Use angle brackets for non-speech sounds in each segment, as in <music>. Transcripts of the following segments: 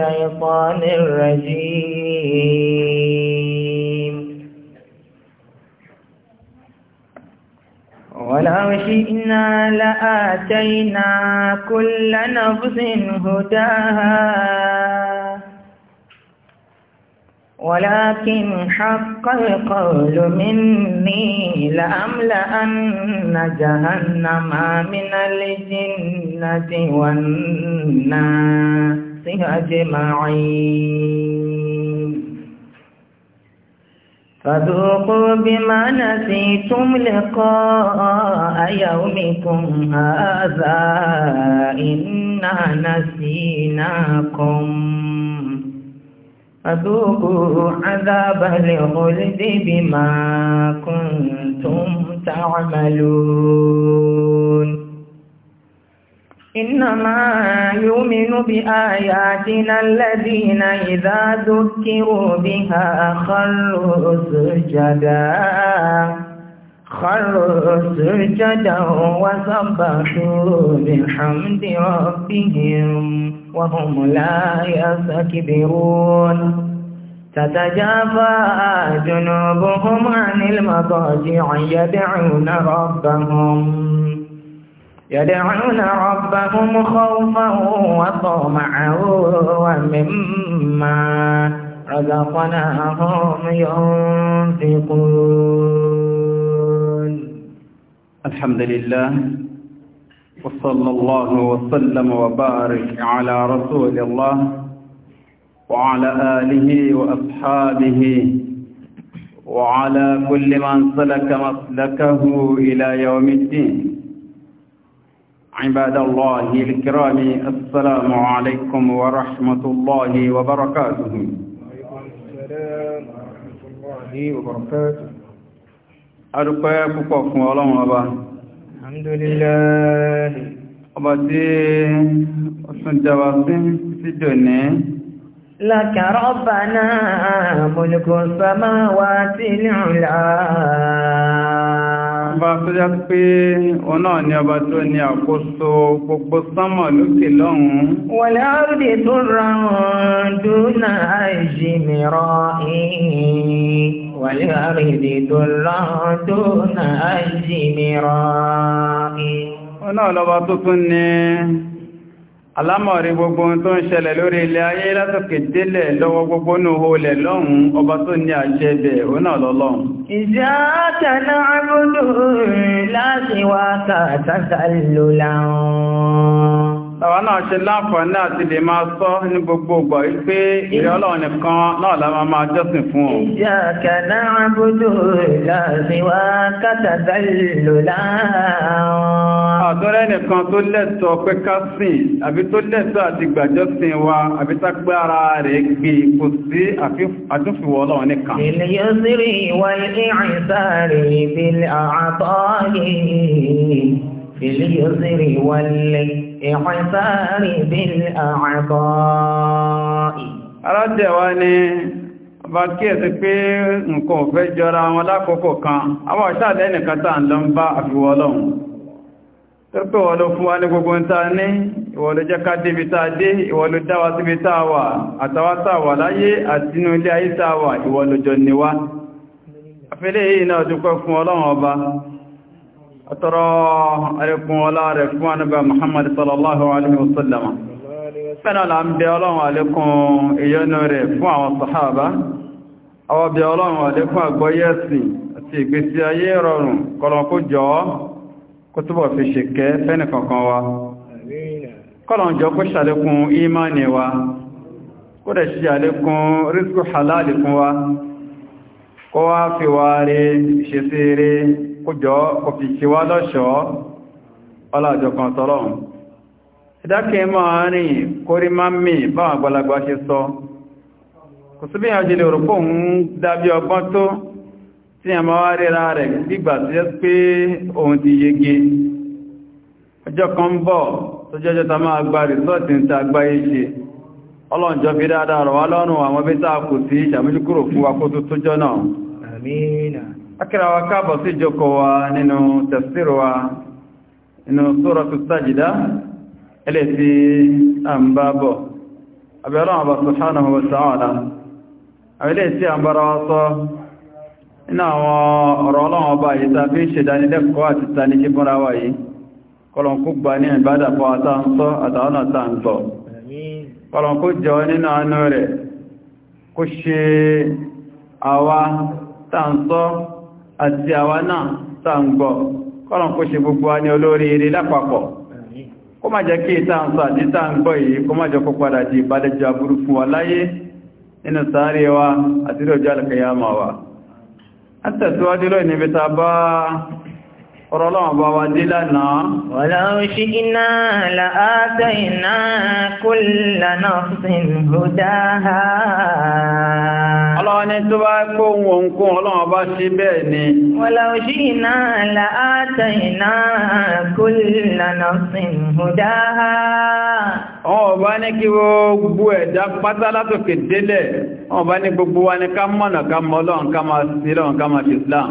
الشيطان الرجيم ولو شئنا لآتينا كل نفس هداها ولكن حق القول مني لأملأن جهنم من الجنة والناس نفسه أجمعين فذوقوا بما نسيتم لقاء يومكم هذا إنا نسيناكم فذوقوا عذاب الخلد بما كنتم تعملون إنما يؤمن بآياتنا الذين إذا ذكروا بها خروا سجدا خروا سجدا وسبحوا بحمد ربهم وهم لا يستكبرون تتجافى جنوبهم عن المضاجع يدعون ربهم يدعون ربهم خوفا وطمعا ومما رزقناهم ينفقون الحمد لله وصلى الله وسلم وبارك على رسول الله وعلى آله وأصحابه وعلى كل من سلك مسلكه إلى يوم الدين عباد الله الكرام السلام عليكم ورحمة الله وبركاته وعليكم السلام ورحمة الله وبركاته أرقى كفوف ولم أبا الحمد لله أبدي أسنجواسين في الدنيا لك ربنا ملك السماوات العلى ọba tó já pé òun náà ni ọba tó ní àkóso gbogbo sánmọ̀ lókè lọ́hùn-ún. wọ̀lẹ́ àrùdè tó rọrùn dúnà àìjìmìrọ̀ ìhìn wọ̀lẹ́ àrùdè tó ìhìn. òun náà tó tún ní alámọ̀rí gbogbo tó ń ṣẹlẹ̀ lórí ilẹ̀ ayé látòkè délẹ̀ lọ́wọ́ gbogbo náà ó lẹ̀ lọ́hùn ọba tó ní àṣẹ bẹ̀ òun náà إياك نعبد لا سواك تسللا Àwọn náà ṣe láǹfààní àti lè máa sọ ní gbogbo ìgbà wípé ìrẹ́ ọlọ́run nìkan náà lára máa jọ́sìn fún ọ. Iyyaka na'budu la siwaka tadallu láàrùn. Àtọ́rẹ́ nìkan tó lẹ́tọ̀ọ́ pé ká sìn, àbí tó lẹ́tọ̀ọ́ àti gbàjọ́sìn wa, àbí tágbára rẹ̀ gbé kò sí àtúnfìwọ́ ọlọ́run nìkan. Bil yusri باليسر والإحسان بالأعطاء Arájẹ̀ wa ni ọba kíyèsí pé nǹkan ò fẹ́ jọra wọn lákòókò kan, àwọn ìṣàlẹ̀ ẹnìkan tàà ń lọ ń bá àfiwọ́ ọlọ́run. Tó pé wọ́n ló fún wa ní gbogbo ń taa ní, ìwọ ló débi taa dé, ìwọ ló síbi taa wà, àtọrọ ẹ̀rẹ̀kùn ọlá rẹ̀ fún ànábì Muhammad sallallahu alaihi wasallam fẹ́nà là ń bẹ ọlọ́run àlékún ìyọ́nú rẹ̀ fún àwọn sàhábà àwọn bẹ ọlọ́run àlékún àgbọ́yẹ̀sìn àti ìgbésí ayé rọrùn kọlọ̀kú jọ kó kójọ kò fi ṣe wá lọ́ṣọ́ ọlájọ́ kan tọ́lọ́run ìdákẹ́ máa rìn kórí máa mì báwọn àgbàlagbà ṣe sọ kò sí bí i àjílẹ̀ òrùpọ̀ ń dábí ọgbọ́n tó tí a máa wá ríra rẹ̀ gbígbà tí pé ti yege ọjọ́ kan ń to tó ta gba ta fi dáadáa rọ̀ wá lọ́rùn àwọn bí akírawa káàbọ̀ sí ìjọkọ̀ wa nínú tafsir wa nínú suratu sajida ilẹ̀ tí a ń bá bọ̀ subhanahu wa ta'ala a ń bára wá sọ iná àwọn ọ̀rọ̀ ọlọ́wọ́ bá ta fi ń ṣe dánilẹ́kọ́ àti wa gba àti àwa náà tá ń gbọ́ kọ́lọ̀n kó ṣe gbogbo wa ní olórí eré lápapọ̀ kó má jẹ́ kí ìta ń sọ àti ìta ń yìí kó má jẹ́ kó padà di ìbálẹ́jọ aburú fún wa láyé nínú sáré wa àti lójú alìkẹyàmọ̀ wa ọ̀rọ̀lọ́wọ̀n bá wa dé lánàá. Walau shi'na la'atayna kulla nafsin hudaha. Ọlọ́wọ́n ni tó bá kó wọn kó ọlọ́wọ́n bá ṣe bẹ́ẹ̀ ni. Walau shi'na la'atayna kulla nafsin hudaha. Wọ́n bá ní kí gbogbo ẹ̀dá pátá látòkè délẹ̀, wọ́n bá ní gbogbo wa ní ká mọ̀nà ká mọ́ ọlọ́run ká máa sílọ́run ká máa ṣe Islam.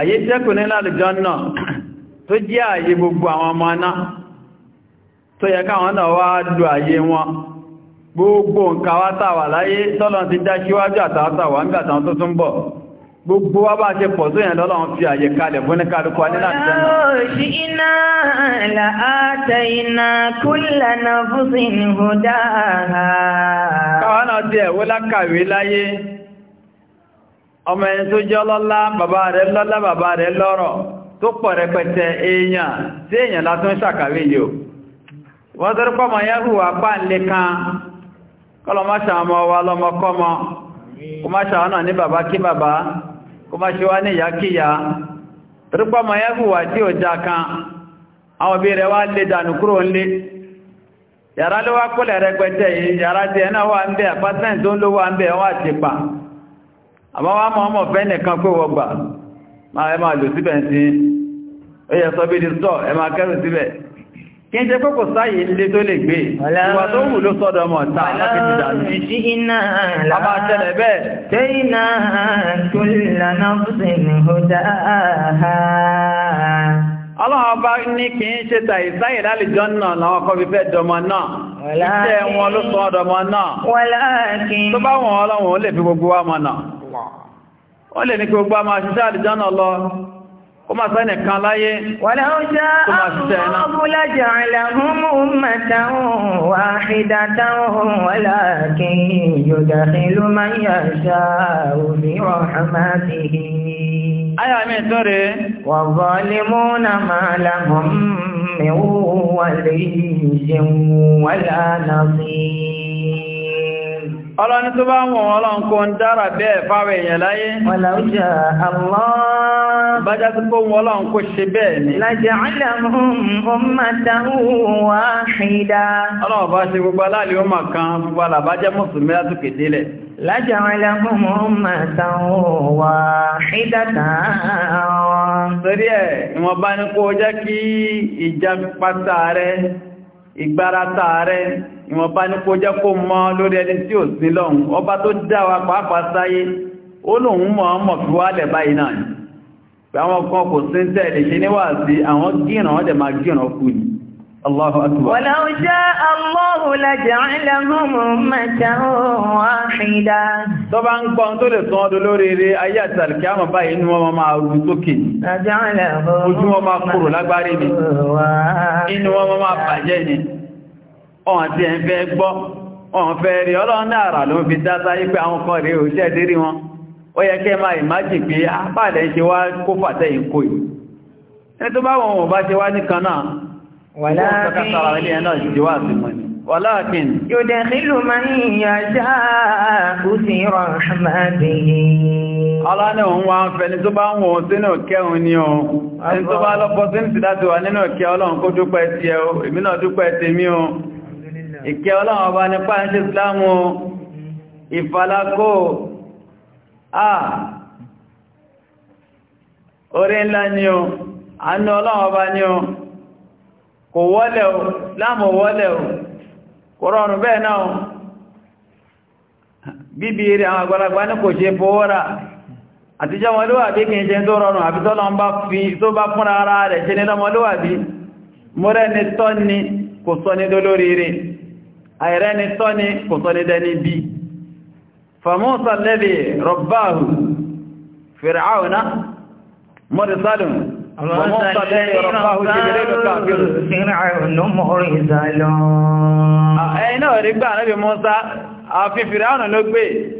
àyè tẹ́kù ní àlùjànnà tó jẹ́ àyè gbogbo àwọn ọmọ aná tó yẹ káwọn náà wá lò àyè wọn gbogbo nǹkan wá tàwà láyé tọ́lọ́n ti dá síwájú àtàwàtàwà nígbàtàwọn tó tún bọ̀ gbogbo wa bá ṣe pọ̀ tó yẹn lọ́lọ́run fi àyè kalẹ̀ fún ní kálukú alẹ́ láti jẹ́ ọmọ ẹni tó jẹ́ ọlọ́lá bàbá rẹ̀ lọ́lá bàbá rẹ̀ lọ́rọ̀ tó pọ̀ rẹpẹtẹ èèyàn tí èèyàn látún ṣàkàwé yìí wọ́n tó rúpọ̀ mọ̀ yẹ́ hùwà pà ń lè kan kọ́lọ má ṣàmọ́ wa lọ́mọkọ́mọ kó má ṣàwọ́nà ní bàbá kí bàbá kó má ṣe wá ní ìyá kíyà rúpọ̀ mọ̀ yẹ́ hùwà tí ò já kan àwọn òbí rẹ̀ wá lè dànù kúrò ńlé yàrá ló wá kólẹ̀ rẹpẹtẹ yìí yàrá tiẹ̀ náà wà ń bẹ̀ apartment tó ń lówó wọ́n àti pa àmọ́ wá mọ́ ọmọ fẹ́ nìkan pé wọ́n gbà máa ẹ máa lò síbẹ̀ sí sọ bí ní sọ ẹ máa kẹ́rù síbẹ̀ kí n jẹ́ pé sáyé ilé tó lè gbé ìwà tó wù ló sọ́dọ̀ ọmọ ta láti bẹ́ẹ̀ bá ní ṣe fi iṣẹ́ wọn sọ náà tó bá wọn ó ó lè ní kí gbogbo àmà ṣiṣẹ́ àlìjánà lọ kó máa sẹ́nì kan láyé kó máa ṣiṣẹ́ iná ọmọlájà ìlàhún mọ̀tàun wà ìdátàun wọ́lá Aya mi tó rẹ̀. Wà bọ́lé múnà máa lámọ̀ mẹ́wọ́ wà ọlọ́ni tó bá wọ̀n ọlọ́n kó ń dára bẹ́ẹ̀ fáwẹ̀ èèyàn láyé ọlọ́jà Allah bájá tó kó wọ́n ọlọ́n kó ṣe bẹ́ẹ̀ ni laja'alahum ummatan wahida ọlọ́wọ́ bá ṣe gbogbo aláàlẹ́ ó mà kan gbogbo alàbájẹ́ ìgbárata rẹ̀ ìwọ̀nba ní kó jẹ́ kó mọ́ lórí ẹni tí ò sí lọ́hun ọba tó dáwà pàápàá sáyé ó lòun mọ̀ ọmọ fi wálẹ̀ báyìí náà àwọn kan kò sí tẹ́ẹ̀lẹ̀ ṣe níwàásí àwọn gíràn ọdẹ̀ máa gíràn kú ni الله أكبر ولو شاء الله لجعلهم أمة واحدة طبعا كنت لصاد لوريري آيات الكامة باين وما معروسك لجعلهم وجوه ما قروا لباريني إن وما ما بجيني ọ̀n tí ẹ̀ ń fẹ́ gbọ́ ọ̀n fẹ́ rí ọlọ́nà àrà ló ń fi dáta yí pé àwọn kan rí òṣẹ́ dérí wọn ó yẹ kẹ́ máa ìmájì pé apáàlẹ̀ ah, ṣe wá kó fàtẹ́ ìkó yìí ẹni tó bá wọn wọ́n bá ṣe wá ní kan náà ولكن يدخل من يشاء في رحمته Ọlá ní òun wá ń fẹ́ ní tó bá ń wọ́n sínú kẹun ní ohun, ẹni tó bá lọ́pọ̀ sínú ti láti wà nínú kẹ ọlọ́run kó dúpẹ́ ti ẹ o, èmi dúpẹ́ ti mí o. Ìkẹ ọlọ́run ọba nípa kò wọ́lẹ̀ o láàmù wọ́lẹ̀ o kò rọrùn bẹ́ẹ̀ náà bíbí eré àwọn àgbàlagbà ní kò ṣe bọ́ọ̀rà àtijọ́ ọmọlúwàbí kìí ṣe tó rọrùn àbí tọ́lọ tó bá fúnra ara rẹ̀ ṣe ní ọmọlúwàbí mọ́rẹ́ni tọ́ni kò sọ kò sọ ní وموسى الذي رفعه جبريل كافر فرعون مرسل أين أريد أن أبي موسى أفي فرعون لقبي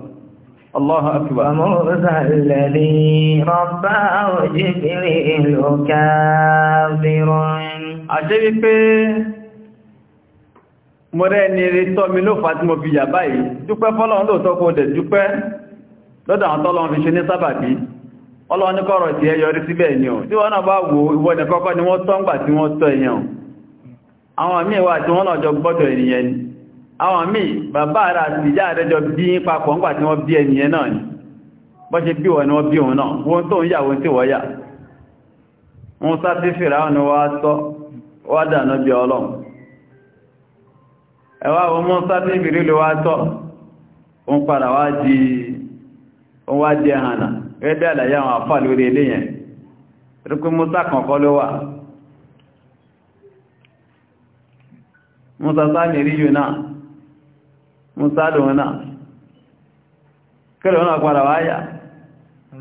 الله أكبر موسى الذي رباه جبريل كافر àṣẹ́bí pé mo rẹ̀ ní ló fàtí mo fi yà báyìí dúpẹ́ fọ́lọ́run lóòtọ́ kó dẹ̀ dúpẹ́ lọ́dọ̀ àwọn tọ́lọ́run fi ṣe ní sábàbí ọlọ́run ní kọ́rọ̀ yọrí síbẹ̀ ni tí wọ́n náà bá wo ìwọ́n àwọn míì bàbá rà sí ìjá àrẹjọ bí i papọ̀ ńgbà tí wọ́n bí ẹniyẹn náà ni bọ́ ṣe bí wọ́n ni wọ́n bí òun náà wọ́n tó ń yà wọ́n tí wọ́n yà wọ́n sá sí fìrà ọ̀nà wá tọ́ wá dànà wa, ọlọ́run ẹwà wọ́n mọ́ sá náà Musa lòun náà kí lòun náà padà wáyà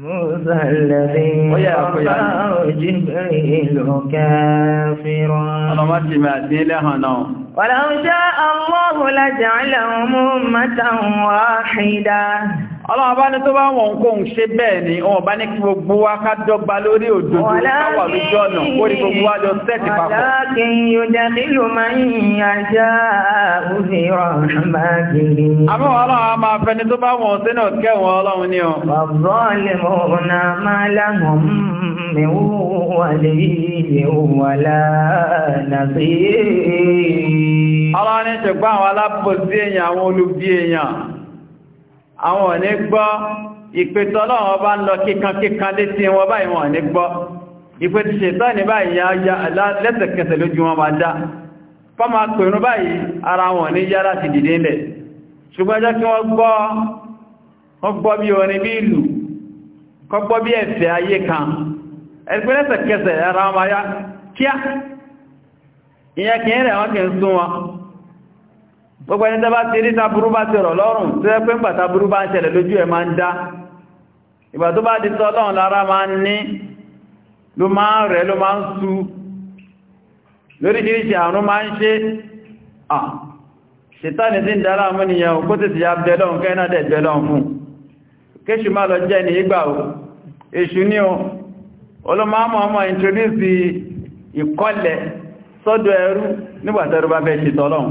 Musa lẹ́rí ọ̀pá òjìbìrì lò kẹfìrán. Ọlọ́mọ́ ti mẹ́ àti ilé hàn náà. Wàlá ń ṣe àwọn ọ̀hùn lájẹ̀ ọlọ́wọ́ bá ní tó bá wọn kó ń ṣe bẹ́ẹ̀ ni wọn bá ní kí gbogbo wa ká dọ́gba lórí òdodo káwà lójú ọ̀nà ó rí gbogbo wa jọ sẹ́ẹ̀tì papọ̀. àmọ́ ọlọ́wọ́ máa fẹ́ ni tó bá wọn sínú kẹwọn ọlọ́run ni ọ. ọlọ́run ní àwọn alábòsí èèyàn àwọn olùbí èèyàn àwọn ò ní gbọ́ ìpètọ́ ọlọ́run ọba ń lọ kíkan kíkan dé tí wọn báyìí wọn ò gbọ́ ìpè ti ní báyìí ya ya lẹ́sẹ̀kẹsẹ̀ lójú wọn máa dá fọ́mà pèrún báyìí ara wọn ní yá láti dìde ilẹ̀ ṣùgbọ́n jẹ́ kí wọ́n gbọ́ wọ́n gbọ́ bí orin bí ìlú kọ́ gbọ́ bí ẹ̀fẹ́ ayé gbogbo ẹni tẹ́bá ti rí taburú bá ti rọ̀ lọ́rùn tó yẹ pé ńgbà taburú bá ń ṣẹlẹ̀ lójú ẹ̀ máa ń dá ìgbà tó bá di tọ́lọ́run lára máa ń ní ló máa ń rẹ̀ ló máa ń sú lóríṣiríṣi àrùn máa ń ṣe à ṣètàní sí ń dára mú nìyẹn kó tètè ya bẹ́lọ́n kẹ́nà dẹ̀ bẹ́lọ́n fún kéṣù má lọ jẹ́ ní ìgbà o èṣù ní o olómọ́mọ́ ọmọ introduce ìkọlẹ̀ sọ́dọ̀ ẹrú nígbàtẹ́rú bá fẹ́ ṣe tọ́lọ́run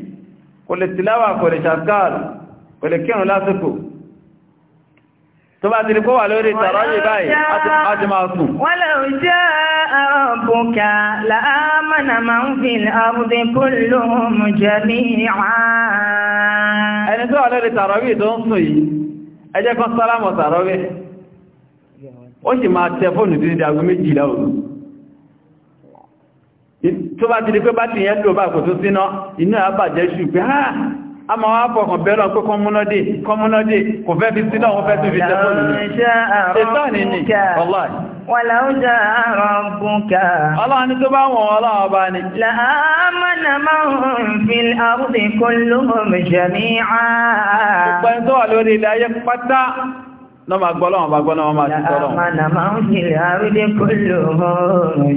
kò lè tìláwà kò lè ṣàkáàlù kò lè kírùn lásìkò tó bá ti rí kó wà lórí tàrọ́yì báyìí láti máa sùn wọ́n lè jẹ́ ọ̀bùnkà láàmànà máa ń fi àbúdé kó lóhun jẹ́ ní ìwọ̀n ẹni tó wà tó bá ti di pé bá ti yẹn lò bá kò tó síná inú àbàjẹ́ ṣù pé ha a ma wá fọkàn bẹ́lọ pé kọmúnádé kọmúnádé kò fẹ́ fi síná wọ́n fẹ́ tó fi àrùdínkún lóhùn jẹ̀mí àà náà máa gbọ́ lọ́wọ́ máa gbọ́ náà máa ti tọ́lọ̀. Àmàna máa ń fi àrídé kúlò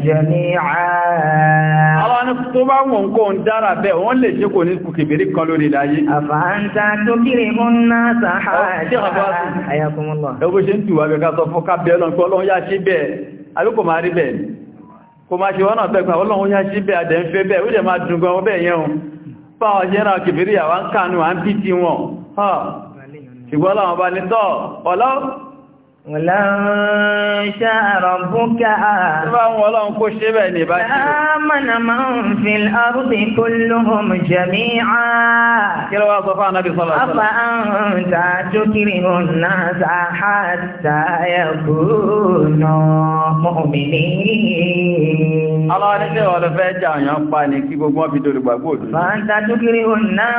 jẹ ní àárá. Àwọn ni tó bá wọ̀ ń kó ń dára bẹ́ẹ̀, wọ́n lè ṣe kò ní kùkèbèrè kan lórí láyé. Àfáàntà tó kiri mú náà sàhárà. Ayakumullah. Ẹgbẹ́ ṣe ń tù bẹ́ẹ̀ ká sọ fún ká bẹ́ẹ̀ lọ́n ṣùgbọ́n láwọn bá ní tọ́ ọ̀lọ́ Wọ̀láńṣà rọ̀bùkà. Ṣébà wọn ọlọ́run kó ṣe bẹ̀ ní bá ṣe. Àmànà máa ń fi ọrùbí kó lóhùn jẹ̀mí á. Kí ló wá sọ fún ànábì sọ́lọ̀ sọ́lọ̀? Ọba fẹ́ jà ọ̀yàn pa ní kí gbogbo wọn fi dolùgbàgbò. Bá ń ta jókìrì hùn náà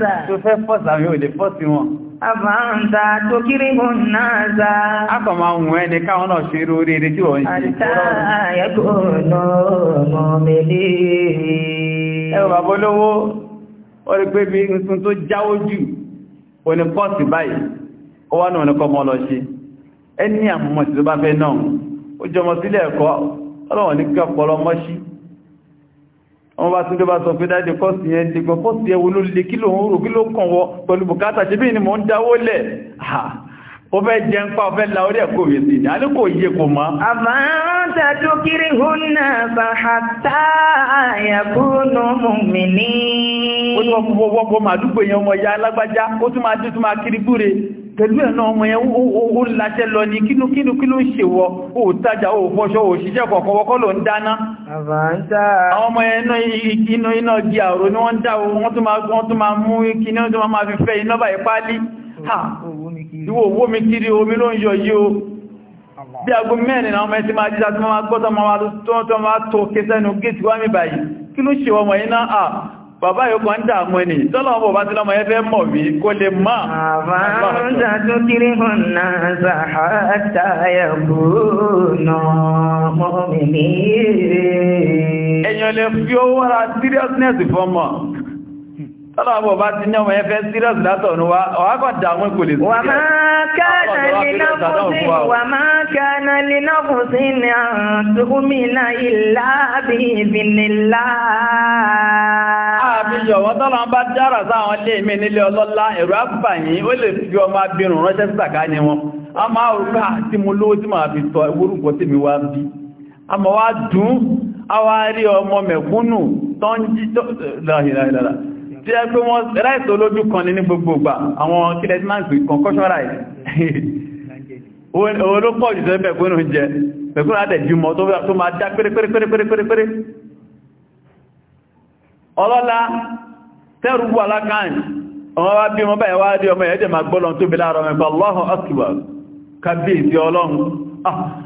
sáà. Tó fẹ́ fọ́sàmì ò lè fọ́sí wọn àbáǹta tó kiri mú náà za. a kọ̀ máa wùn ẹni káwọn náà ṣe irú rere tí wọ́n ń ṣe. àtà àyẹ̀kọ́ ọmọ mẹ́lẹ́. ẹ wọ bàbá olówó ó rí pé bí tuntun tó jáwó jù ó ní pọ́ọ̀sì báyìí ó wá náà wọ́n bá tún dé bá sọ pé dáadé kọ́sì yẹn ti gbọ́n kọ́sì yẹn wo ló lè kí lòun rò kí ló kàn wọ pẹ̀lú bùkátà ṣe bí ni mò ń dáwó lẹ̀ ó fẹ́ jẹ ń pa ó la orí ẹ̀kọ́ òye sí ni a ní kò yé kò mọ́. àbáńtà tó kiri hun náà fàhátà àyàkúnnù mùmíní. ó tún wọ́pọ̀ wọ́pọ̀ màdúgbò yẹn ọmọ ya alágbájá ó tún máa tún máa kiri gbúre pẹ̀lú ẹ̀nà ọmọ yẹn ó lájẹ́ lọ ní kínú kínú kí ló ń ṣe wọ ó tajà ó fọṣọ ó ṣiṣẹ́ kọ̀kọ́wọ́kọ́ ló ń dáná àwọn ọmọ iná iná di àrò ní wọ́n dá wọ́n tún máa mú kíní wọ́n tún máa fi fẹ́ iná báyìí pálí ìwò owó mi kiri omi ló ń yọ yí o bí aago mẹ́rin àwọn ọmọ ẹ ti máa jíta bàbá yòókù ń dààmú ẹni tọ́lọ́wọ́ bọ̀ bá tí lọ́mọ ẹfẹ́ mọ̀ wí kó lè máa àbáńdà tó kiri hàn Ọlọ́wọ́ bá ti ní ọmọ ẹfẹ́ sírọ́sì látọ̀ ní wa, ọ̀wá kan dàmú kò lè sí. Wà máa kánà lè náà fún sí ní àtúkúmìnà ìlà bí ìbìnilá. Àbíyọ̀ tọ́lọ mo lówó tí máa fi tọ ìwórúkọ tí mi wá bí. A máa wá dùn, a wá rí ọmọ tí ẹ pé wọ́n ráìsì olójú kan ní gbogbo ọgbà àwọn kílẹ̀ tí máa ń pè kan kọ́ṣọ́ ráìsì owó ló pọ̀ tó jẹ pẹ̀kúrò àdẹ̀júmọ́ tó máa dá máa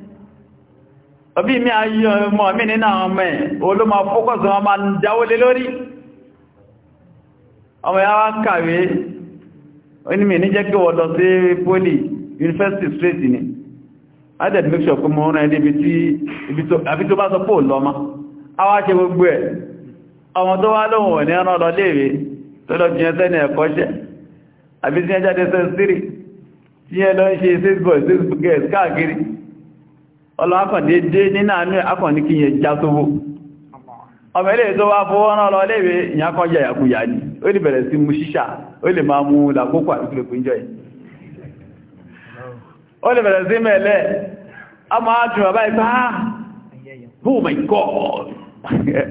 òbí mi ayé ọmọ mi nínú àwọn ọmọ ẹ̀ olóma fókọ̀sí wọn máa ń jáwó lé lórí ọmọ ya wá kàwé onímì ní jẹ́ kí wọ́n lọ sí poli university straight ni added make sure kún mọ́ rẹ̀ níbi tí àbí tó bá sọ pò lọ́mọ́ a wá ṣe gbogbo ẹ̀ ọmọ tó wá lóhun ò ní ẹran lọ léèrè tó lọ jìyàn sẹ́ni ẹ̀kọ́ṣẹ́ àbí ọlọ́akọ̀dédé nínú àánú akọ̀ní kí yẹn já sówó ọmọ ilé tó wá fówó lọ léèwé ìyàkọ́ yàyàkúyà ní ó lè bẹ̀rẹ̀ sí mú ṣíṣà ó lè máa mú làkókò àtìlòpínjọ́ a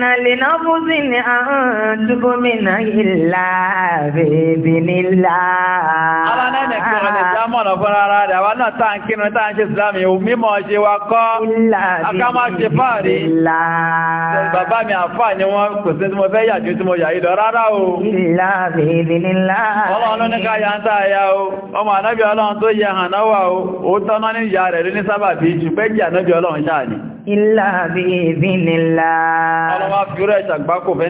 nọ́fúsì ní àrùn dúgbòmínà ìlà bèbè nílà. alánẹ́nì kí wọ́n lè dá mọ̀nà fún ara rẹ̀ àwọn náà tá à ọlọ́run ní ká yà ń tà ya o ọmọ ànábì ọlọ́run tó yẹ hàn náà o òótọ́ náà ní ìyá rẹ̀ ló ní sábàbí ṣùgbẹ́jì ànábì ọlọ́run ṣáà ni ìlà bí ìbínilá. ọlọ́wà fi rẹ̀ ìṣàgbákò fẹ́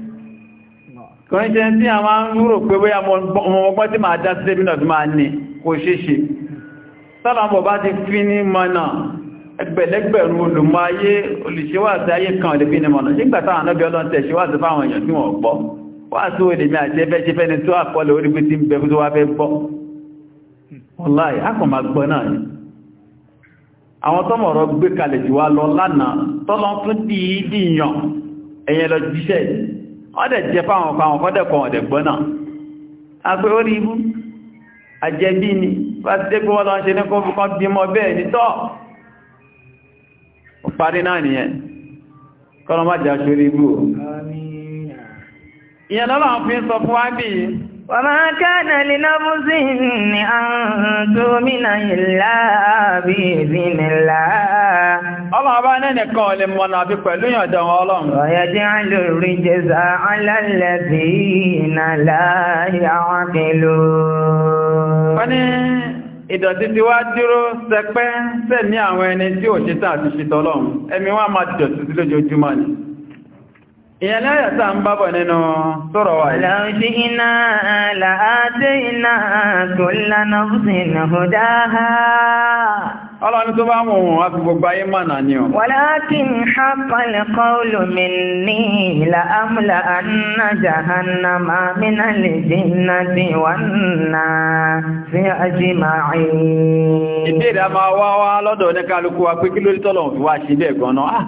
kan jẹ́ tí a máa ń rò pé bóyá ọmọgbọ́n tí máa dá sílé bínà tí máa ní kò ṣeṣe sálàmọ̀ bá ti fi ní mọ́nà ẹgbẹ̀lẹ́gbẹ̀rún olùmọ̀ ayé olùṣẹ́wàsí ayé kan lè fi ní mọ́nà nígbàtà ànábí ọlọ́ntẹ̀ ṣíwàsí fáwọn èèyàn tí wọ́n gbọ́ wá sí olè mi àti ẹfẹ́ ṣe fẹ́ni bí ti ọdẹ̀ jẹ fáwọn fáwọn fọ́dẹ̀kọ̀ ọ̀dẹ̀ gbọ́ náà agbé orí ibú àjẹbí ni bá ti dégbé wọ́n lọ ṣe ní kófù kan bímọ bẹ́ẹ̀ ní tọ́ ò parí náà nìyẹn ibú وما كان لنفس أن تؤمن إلا بإذن الله Ọlọ́run ọba nẹ́nì kan lè mọ̀nà àbí pẹ̀lú ìyànjẹ wọn ọlọ́run. Ọ̀yẹ́ tí a lè rí jẹsà alálẹ́bí iná láàáyé àwọn akẹ́lò. Wọ́n ní ìdọ̀tí ti wá dúró sẹpẹ́ sẹ́ni àwọn ẹni tí ò ṣe tàbí ṣe tọ́lọ́run. Ẹ̀mí wọn máa dọ̀tí sí lójoojúmọ́ ni ìyẹn láyà tá ń bábọ̀ nínú sọ̀rọ̀ wa yìí. Ọlọ́run tó bá mọ̀ wọn wá fi gbogbo ayé mọ̀nà ni ọ. Walakin haqqal qawlu minni la'amla'anna jahannama minal jinnati wan nasi ajma'in. Ìbéèrè a máa wá wá lọ́dọ̀ ní kálukú wa pé kí ló tọ́lọ̀ fi wá ṣe bẹ́ẹ̀ gan-an. Ah,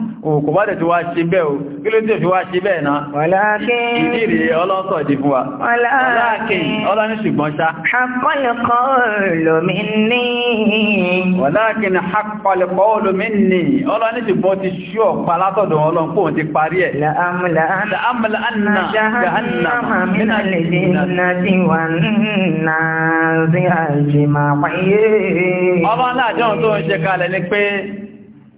kò bá dẹ̀ ti wá ṣe bẹ́ẹ̀ o, kí ló tẹ̀ fi wá ṣe bẹ́ẹ̀ náà? Walakin. Ìbéèrè ọlọ́sọ̀ di fún wa. Walakin. Ọlọ́run ṣùgbọ́n ṣá. Haqqal qawlu minni. Walakin walakin haqqal qawlu minni ọlọ́ni ti bọ́ ti ṣú ọ̀pá látọ̀dọ̀ ọlọ́n kóhun ti parí ẹ̀ la'amla anna jahannama min al-jinnati wan nasi ajma'in ọlọ́ni àjọ́ tó ń ṣe kalẹ̀ ni pé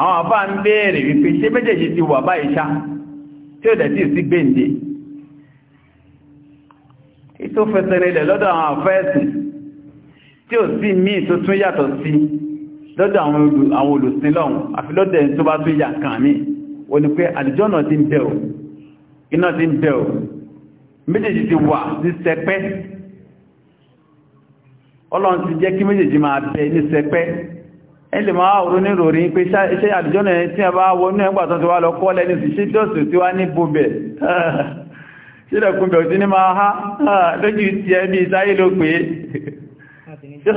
àwọn àbá ń béèrè wípé ṣé méjèèjì ti wà báyìí ṣá tí ó dẹ̀tí sí gbéǹde ètò fẹsẹ̀rẹ̀lẹ̀ lọ́dọ̀ àwọn àfẹ́ẹ̀sìn tí ó sí míì tó tún yàtọ̀ sí lọ́dọ̀ àwọn olùsìn lọ́hùn àfi lọ́dọ̀ ẹni tó bá tún yà kàn mí o ní pé àlùjọ́ náà ti ń bẹ̀ ẹlẹ̀ máa orú ní rò rí pé ṣe àdìjọ́nà tí a bá wọnú ẹgbà tán ti wá lọ kọ́ lẹ́ni sí ṣe dọ́sù tí wá ní bóbẹ̀ <laughs> ṣílẹ̀kùnbẹ̀ òtí ní máa ha <laughs> lójú ti ẹbí ìsáyé ló pé <laughs> ṣe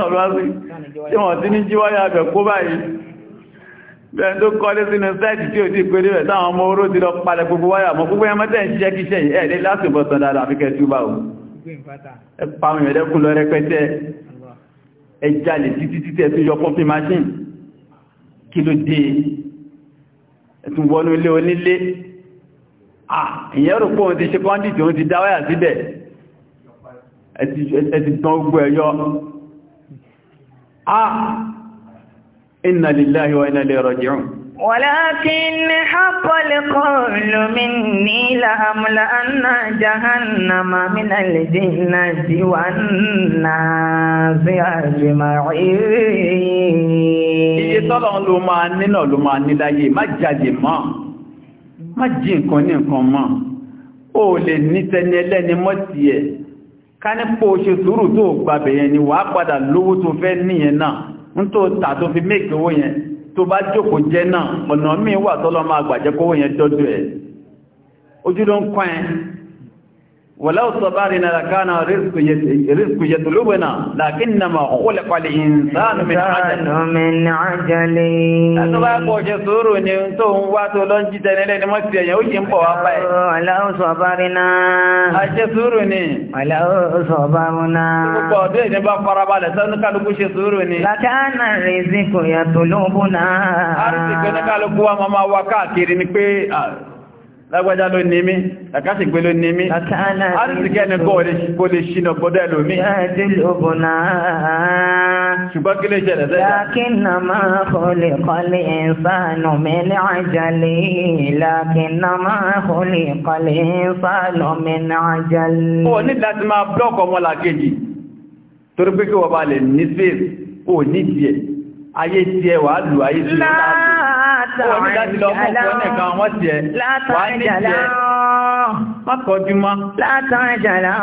wọ́n tí ní jíwáyà bẹ̀ kó báyìí bẹ́ẹ̀ tó kọ́lé sínú sẹ́ẹ̀tì tí ó ti pé níbẹ̀ táwọn ọmọ oró ti lọ palẹ̀ gbogbo wáyà mọ́ gbogbo ẹmọ́ tẹ́ ń ṣiṣẹ́ kíṣẹ́ yìí ẹ̀ẹ́lẹ́ láti bọ̀sán dáadáa fi kẹ́ túbà ò ẹ̀pàmì títí títẹ́ yọ pọ́pí machine kí ló dé ẹ̀tún wọnú ilé onílé ìyẹ́rù pọ̀ ti ṣe pọ́ndì tí ó ti dáwáyà síbẹ̀ ẹ̀tì tán ogun ẹ̀yọ́ inna lillahi wa inna ilayhi raji'un ولكن حق القول مني لأملأن جهنم من الجنة والناس أجمعين. Iye tọ́lọ̀ ló máa ní náà ló máa ní láyé, má jáde mọ́, má jí nǹkan ní nǹkan mọ́, ó lè ní tẹni ẹlẹ́ni mọ́ ti ẹ̀, ká ní pò tó bá jókòó jẹ́ náà ọ̀nà míì wà tọ́lọ́ máa yẹn dọ́dọ̀ ẹ̀ ń kọ́ ولو صبرنا لكان رزق رزق يطلبنا لكنما خلق الانسان من عجل من عجل اتبع كوجه سورو ni tó ń wá tó lọ nji tene le ni mo ti eyan o ji ń bọ̀ wá pa e ولو صبرنا aje sùúrù ni ولو صبرنا ko de ni bá fara balẹ̀ san ka lu ṣe sùúrù ni لكان رزق يطلبنا arsi ko ni ka lu wa mama wa ka kiri ni pé lágbájá ló ní mí àkásìgbé ló ní mí àtìsìkẹ́ ni kó lè ṣínà gbọ́dọ̀ ẹlòmí ṣùgbọ́n kí lè ṣẹlẹ̀ sẹ́jà lákínà máa kọlẹ̀ kọlẹ̀ ìsànà mẹ́lẹ̀ àjálẹ̀ lákínà máa kọlẹ̀ kọlẹ̀ ìsànà mẹ́lẹ̀ àjálẹ̀ ayé tiẹ̀ wà lù ayé tiẹ̀ wà á lù. látàrí má tọ́jú mọ́. látàjàlá.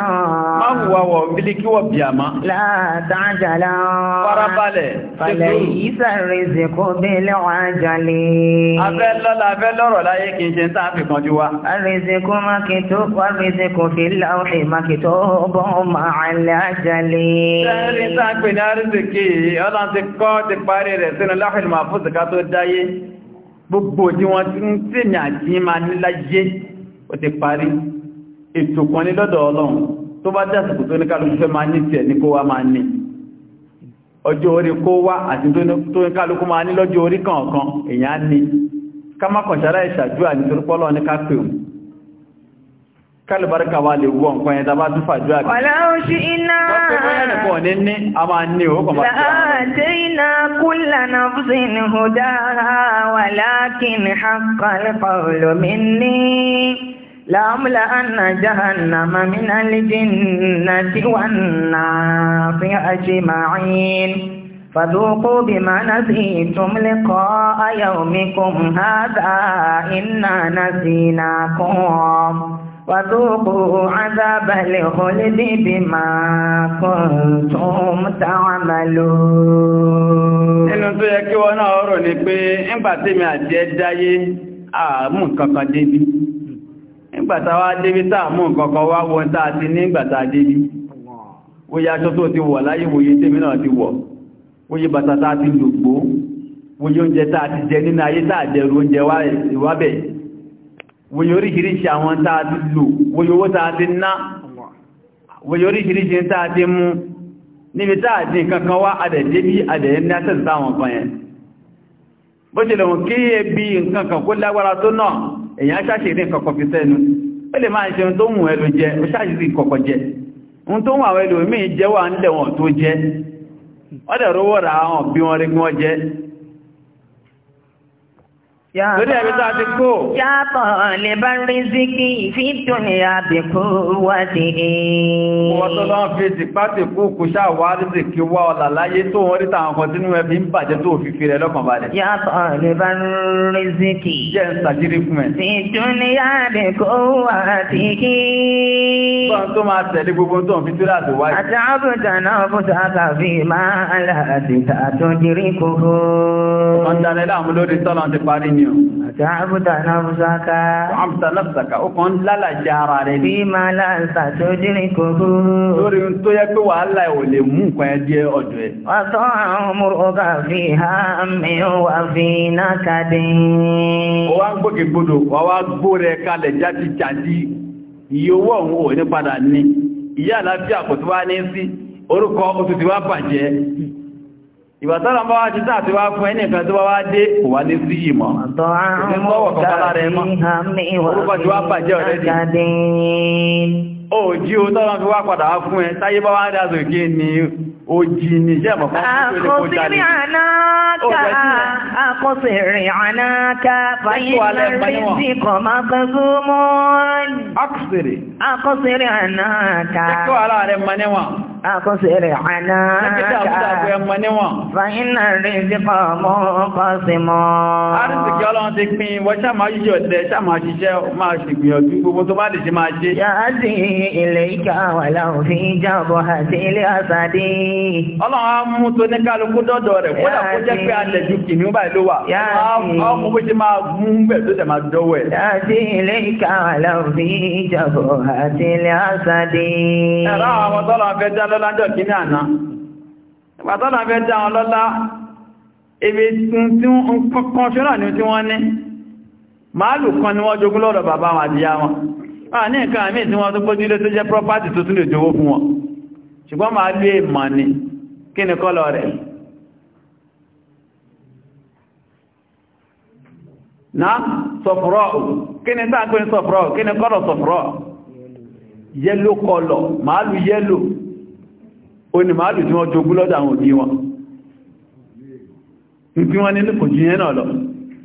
má wùwà wọ̀ bílíkí wọ̀ bíà mọ́. látàjàlá. farabalẹ̀. falẹ̀ yìí sàrè zèkó bẹ́lẹ̀ wà jàlè. abẹ́ lọ́la abẹ́ lọ́rọ̀ láyé kì í ṣe ń tà fi kànjú wa. àrèzèkó mákètó àrèzèkó fi láwùrè mákètó bọ́ máa lájàlè. sẹ́rin tá a pè ní àrèzèké ọlọ́run ti kọ́ ti parí rẹ̀ sínú láhùrè máa fún gbogbo tí wọ́n ti ń tẹ̀yìn àti máa níláyé ó ti parí ètò kan ní lọ́dọ̀ ọlọ́run tó bá dásìkò tó ní kálukú fẹ́ máa ní tiẹ̀ ní kó wá máa ní ọjọ́ orí kó wá àti tó ní kálukú máa ní lọ́jọ́ orí kọ̀ọ̀kan èèyàn ní ká má kàn ìṣàjú àti torípọ́lọ́ ní ká pè òun kálùbáríkà wa lè wọ nǹkan ẹ̀dá bá dúfà jù àbí. Wàlá ó ṣe iná. Wọ́n ní ní a máa ní ó kọ̀mọ̀ sí. Láàdé iná kúlà náà fún sí ní hùdá wà láàkín àkọlẹ́pọ̀ olómi ní. Láàmúlà àná jáhànà màmínà lè jìnnà tí wà náà fi àjì máa وذوقوا عذاب الخلد بما كنتم تعملون inú tó yẹ kí wọ́n náà rò ní pé ńgbàtí wá wọn táà ti ní ńgbàtà tó ti wọ̀ láyé náà ti wọ̀ wóyé bàtà táà ti lògbó wóyé oúnjẹ táà ti jẹ nínú ayé táà jẹ oúnjẹ wábẹ̀ wòye oríṣiríṣi àwọn táa ti lò wòye owó táa ti ná wòye oríṣiríṣi táa ti mú níbi táa ti kankan wá adẹ̀dẹ́ bí adẹ̀yẹ ní àtẹ́sì táwọn kan yẹn bó ṣe lè wọ́n kí yẹ bí nǹkan kan kó lágbára tó náà èyàn ṣáṣìrí Lórí ẹ̀rí tó a ti kó. Yàtọ̀ lè bá rí síkí ìfítò ní àbẹ̀kú wá sí i. Wọ́n tó lọ́n fi tìpá ti kú kù ṣáà wá rí sí kí wá ọ̀là láyé tó wọ́n rí tàwọn kan tínú ẹbí ń bàjẹ́ tó fi fi rẹ̀ lọ́kàn balẹ̀. Yàtọ̀ lè bá rí síkí. Jẹ́ ń sàjírí wá sí i. Bọ́n tó máa tẹ̀lé gbogbo tó ń fi ni o. Àtàbùtà náà fúsáká. náà ara rẹ̀ ni. Bí máa láǹsà tó dínrín kòkó. Lórí ń tó yẹ pé wàhálà ò lè mú nǹkan ẹ ọ̀dọ̀ Wà sọ àwọn ọmọ fi mi wà fi iná kadì. Ó wá ń wà wá gbó rẹ̀ kalẹ̀ jáde jáde. Iye owó ọ̀hún ò ní padà ìbátọ́lọ̀ bá wá ti sáà wá fún ẹni ìkan tó wá wá dé kò wá lé sí ìmọ̀ ìfẹ́ mọ́wọ̀ kọ̀kọ́ lára ẹmọ́ orúkọ ti wá bàjẹ́ ọ̀rẹ́dì ó jí o tọ́lọ́n fi wá padà wá fún ẹ táyé bá wá ń dáadọ̀ kí ni ó jí ní iṣẹ́ ìmọ̀kọ́ Akọ́sìnrìn ànáka fàyínà rẹ̀ síkọ̀ mọ́ kọ́sìmọ́. Àrísìkí ọlọ́run ti pín wọ́n ṣàmà yíyọ̀ tẹ́ ṣàmà ṣiṣẹ́ máa ṣìgbìyànjú gbogbo tó bá lè ṣe máa ṣe. Yáà dìí إليك ولو في جبهة الأسد tó ní kálukú dọ́dọ̀ rẹ̀ kódà jẹ́ pé àlejò kìnnìún báyìí ló wà. Ọkùn bó máa mú bẹ̀ tó ṣe máa dọ́wọ́ ẹ̀. ya ilé ìka àlàfí ìjọba àti ilé àṣàdé. ni kan ni bàbá wọn àti ìyá wọn. à ní nǹkan àmì tí wọ́n tó gbójú lé tó jẹ́ property tó tún lè jówó fún wọn ṣùgbọ́n máa lé èmọ̀ ni kí ni kọ́lọ̀ rẹ̀ náà sọ̀fọ̀rọ̀ kí ni táàkì ní sọ̀fọ̀rọ̀ kí ni kọ́lọ̀ sọ̀fọ̀rọ̀ yẹ́lò kọ́lọ̀ màálù yẹ́lò ó ní màálù tí wọ́n jogún lọ́dọ̀ àwọn òbí wọn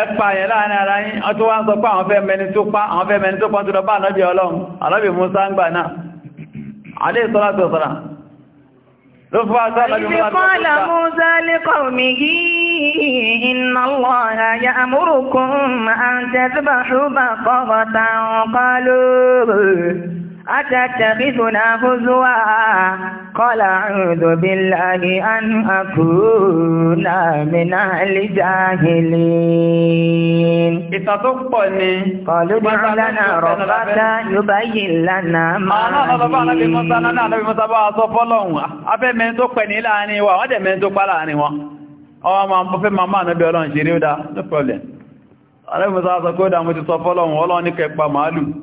ẹ̀pà yẹ̀ láàrin ara yín ọtún wá ń sọ pé àwọn fẹ́ mẹni tó pa àwọn fẹ́ mẹni tó pa tó lọ ànábì ọlọ́run ànábì musa ń gbà náà alẹ́ ìsọ́lá tó sọ́lá ló fún wa sọ́lá bí musa kọ́lá musa lẹ́kọ̀ọ́ mi yí iná lọ أتتخذنا هزوا قال أعوذ بالله أن أكون من أهل قالوا لنا ربك يبين لنا ما no problem.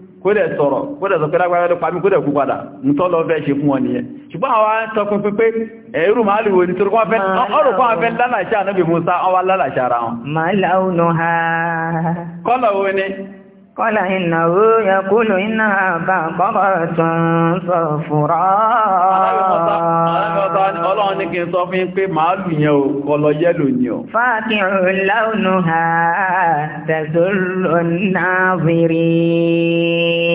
kódẹ̀ sọ̀rọ̀ kódẹ̀ sọ pẹ́lá gbáyọ́ ló pa mí kódẹ̀ kú padà nítọ́ lọ fẹ́ ṣe fún wọn nìyẹn ṣùgbọ́n àwọn tọkùn pípé ẹ̀rù máa lè wo ní torí Kọ́lá iná ó yẹ kó lò iná bá bọ́bọ̀ tún sọ fúra. Ọlọ́run ní kí n sọ fún yín pé màálù yẹn ò kọlọ yẹ́lò ni ọ. Fáàkì láúnù ha tẹ̀sọ́lọ́ náà wèrè.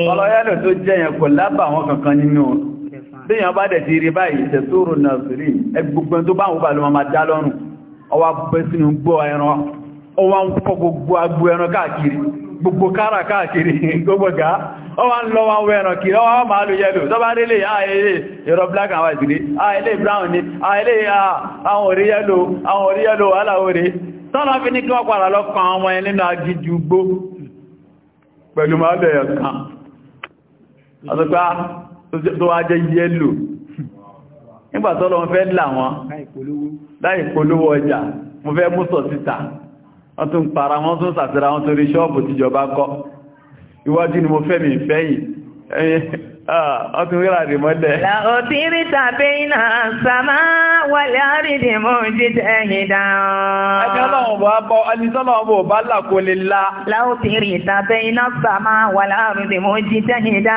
Kọlọ yẹ́lò tó jẹ́ yẹn kò lábà àwọn kankan nínú. Béèyàn bá gbogbo kára káàkiri gbogbo ga ọ wá ń lọ wá wẹ́ran kiri ọwá máa lò yẹ́lò tọ́bá rélé ààrẹ ah, ẹ̀rọ eh, eh, black and white ní ààrẹ ah, brown ni ààrẹ ah, àwọn orí yẹ́lò àwọn orí yẹ́lò aláwòrẹ tọ́nà fi ní kí wọ́n wọ́n para wọ́n tún sàtìra wọ́n tún ṣọ́ọ̀bù tíjọba kọ́ iwájú ni mo fẹ́ mi fẹ́yìn ọtún wíra rẹ̀ mọ́lẹ̀. Láòtí rí tàbí iná sàmá wà láàrídì mọ́ jíjẹ́ ìdá. Ẹgbẹ́ ọlọ́run bọ̀ bọ́, ẹnisọ́nà bọ̀ bá làkó lè la. Láòtí rí tàbí iná sàmá wà láàrídì mọ́ jíjẹ́ ìdá.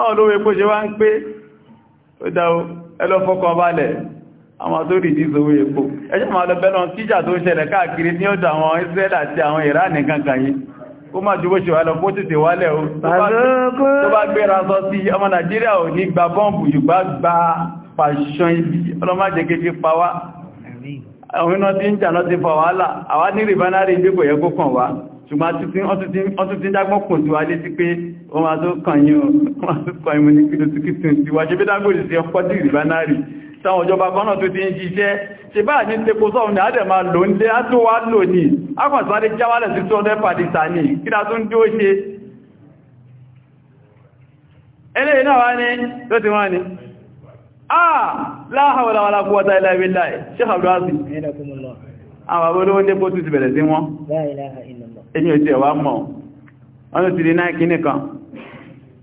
báwọn ló wépo ṣe wá ń pé ó dáwó ẹlọ́fọ́kọ̀ balẹ̀ àwọn tó rí nízòwò epo ẹjọ́ ma lọ bẹ́lọ kíjà tó ṣẹlẹ̀ káàkiri ní ọ̀dọ̀ àwọn Israel àti àwọn Iran nìkan yìí kó má jùbó ṣe wà lọ kó tètè wálẹ̀ o tó bá gbéra ṣùgbọ́n ọtún tí dágbọ́n kùn tí wá lé sí pé wọ́n máa tó kàn yí wọ́n tó kàn yí mú ní kìtòsíkìtò tí wá ṣe bí dágbòrì sí ọkọ́ tí ìrìbá náà rí táwọn ìjọba kanáà tó ti ń jíṣẹ́ ṣe báà ní tepo sọ́run ní àdẹ̀mà lò ń dé á tó wá lò ní akọ̀sáré jáwálẹ̀ sí tó ọdẹ́ pàdìsà ní kí dá tó ń dí ó ṣe ẹlẹ́ iná wá ní tó ti wá ní àà láhàwọ̀láwọ́láwọ́ta ilẹ̀ ilẹ̀ ṣe ẹni òtí ẹ̀wà mọ̀ wọ́n tó ti di náà kìíní kan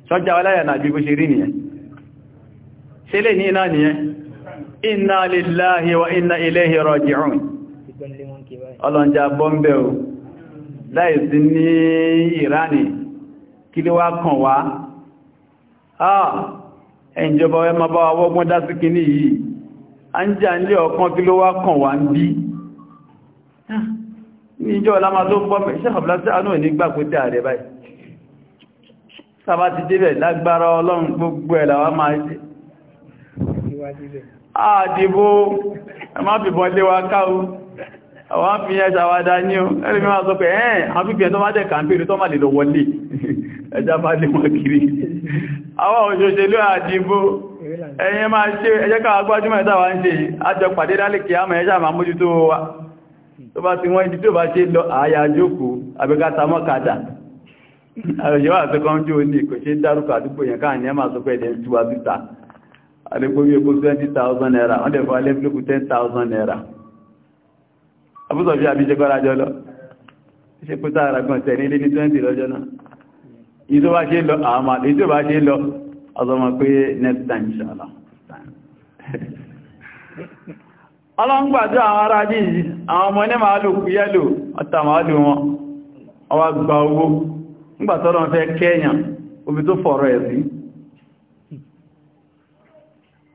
ṣọ́jà ọláyà náà bí bó ṣe rí nìyẹn ṣe lè ní iná nìyẹn inna láàáhíwá wa inna ilayhi raji'un ọlọ́njà bọ́m̀bẹ̀ o láìsí ní ìránì kí ló wá kàn wá ẹ̀njọba ẹ bá wa wọ́gbọ́n dá yìí ní ìjọ ọlámà tó ń bọ́ mẹ́ ṣe ọ̀bọ̀lá sí àánú ìní gbà pé dáa rẹ̀ báyìí sábà ti débẹ̀ lágbára ọlọ́run gbogbo ẹ̀ làwá máa ṣe àdìbò ẹmá fìbọn lé wa káwú àwọn fi ẹ́ ṣàwádá ní o ẹ̀rì mi máa sọ pé ẹ́ẹ̀ àwọn fífẹ́ tó máa jẹ́ kàmpírì tó máa lè lọ wọlé ẹjá bá lè wọ́n kiri àwọn òṣòṣèlú àdìbò ẹ̀yẹn máa ṣe ẹjẹ́ káwà gbájúmọ̀ ẹ̀ta wà ń ṣe àjọ pàdé dálẹ̀kì àmọ̀ ẹjá máa mójútó wa tó bá ti wọ́n ibi tó bá ṣe lọ àyà jókòó àbẹ́gátà mọ́kàdà àrẹ̀yẹ́wà tó kọ́ jí ó ní kò ṣe dárúkọ àdúgbò yẹn káà ní ẹmà sọ pé ẹ̀dẹ̀ tí wà bíta àdẹ́gbórí epo 20,000 naira wọ́n dẹ̀fọ́ alẹ́bílòkù 10,000 naira abúsọ̀fí àbíjẹ́ gbárajọ́ lọ ṣe pé tààrà gan tẹ̀ nílé ní 20 lọ́jọ́ náà ìtò bá ṣe lọ àmà ìtò bá ṣe lọ ọzọmọ next time inshallah ọlọ́ngbàjọ́ àwọn ará jíjì àwọn ọmọ ní Maalụ kú yẹ́lò ọta màálù wọn ọwà gba owó ngbàtọ́lọ́n fẹ́ kẹ́yàn obi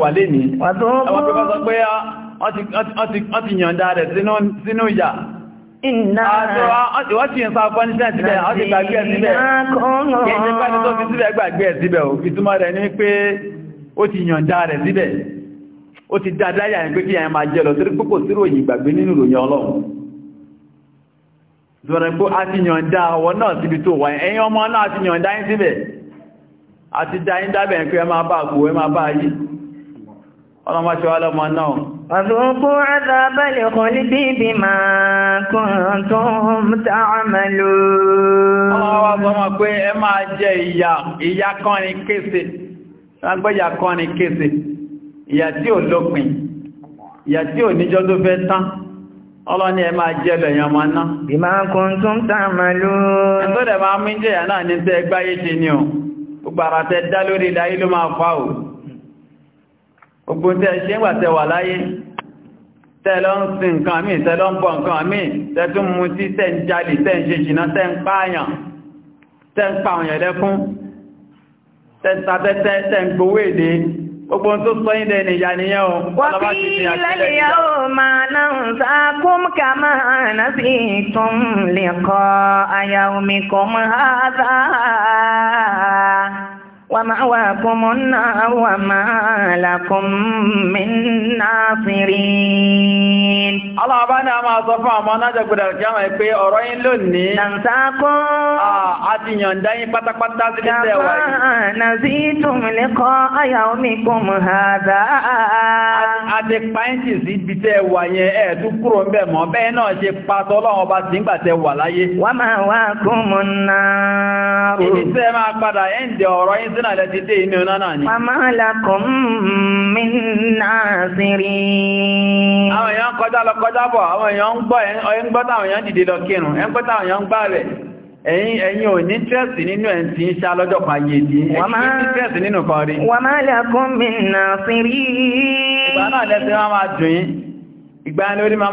wà lè ní ẹwà pẹ̀lú sọ pé ti yàn sínú ti síbẹ̀ rẹ̀ ní pé ó ti yàn síbẹ̀. Ó ti dáadáa yà ní pé kí máa jẹ́ lọ gbàgbé nínú ìròyìn Ọlọ́run pé a ti ọwọ́ náà síbi tó wà ọmọ náà ọlọ́mọ ṣe wá lọ́mọ náà. Ọ̀dùnkú máa tó ń ta àmàlò. Ọmọ wa sọ ma pé ẹ máa jẹ ìyà ìyà kọrin kọrin ìyà tí ò lópin, ìyà tí ò níjọ́ tó fẹ́ tán. Ọlọ́ni ẹ máa máa ta àmàlò. ogun tẹ́ ṣe ń gbàtẹ wà láyé tẹ́lọ ń sin nǹkan mí tẹ́lọ ń bọ nǹkan mí tẹ́tún mú tí tẹ́ ń jalè tẹ́ ń ṣe jìnà tẹ́ ń pààyàn tẹ́ ń pààyàn lẹ́kún tẹ́ ń tatẹ́tẹ́ tẹ́ ń gbowó èdè gbogbo tó sọ yín dẹni ìyá o. wọ́n fi lálẹ́ ومأواكم النار وما لكم من ناصرين الله بنا ما صفى ما نجد الجامع pé ọ̀rọ̀ yín lónìí ننساكم àti yọ̀ǹda yín pátápátá sí ilé wa yìí نزيتم لقاء يومكم هذا àti pàǹtì sí ibi tẹ́ wà yẹn ẹ̀ẹ́dún kúrò ń bẹ̀ mọ́ bẹ́ẹ̀ náà ṣe pàtó ọlọ́run ọba tí ń gbà tẹ́ wà láyé. wàá máa wá kún mu náà. ìdí tẹ́ máa padà ẹ̀ ń dẹ ọ̀rọ̀ yín fìtínà na ti dé inú ọ̀nà náà ni. Màmá náà sí rí. Àwọn èèyàn kọjá lọ kọjá bọ̀, àwọn èèyàn ń gbọ́ ẹ̀ gbọ́ táwọn èèyàn dìde lọ kírun, ẹ̀ ń gbọ́ táwọn èèyàn ń gbá kan di, náà sí rí. Ìgbà náà máa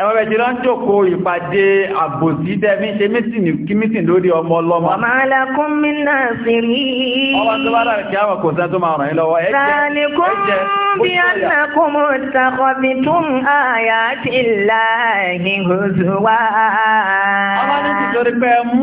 ẹwọ́n bẹ̀tí lọ ń jòkó ìpàdé àbòsí tẹ́bí ṣe mítìn lórí ọmọ ọlọ́mọ. ọmọ alákún mi náà sí rí. ọwọ́ tó bá rà kí àwọn kò sẹ́ máa ràn yín lọ́wọ́ ẹ̀jẹ̀. sàlìkún bí alákún mo sàkọ́ bí tún àyà ti láàyè òṣùwà. ọmọ ní ti torí pé mú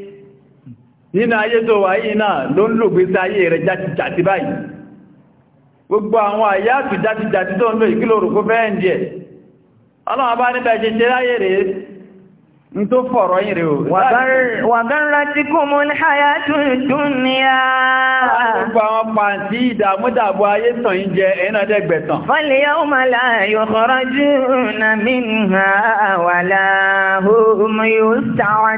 nínú ayé tó wà yìí náà ló ń lògbé sí ayé rẹ̀ játijàti báyìí gbogbo àwọn àyáàtù játijàti tó ń lò ìkílò òrùkú fẹ́ẹ̀ndì ẹ̀ ọlọ́wọ́ bá níbẹ̀ ṣe ṣe láyé rèé n tó fọ̀rọ̀ yìí rẹ̀ o. wàgánra tí kò mú ní àyà tuntun ní à. gbogbo àwọn pàǹtí ìdààmúdàbò ayé tàn yín jẹ ẹ̀yìn náà dẹ́gbẹ̀tàn. yóò ah, máa la yọ̀kọ̀rọ̀ jù nà mí nà wà yóò sáwọn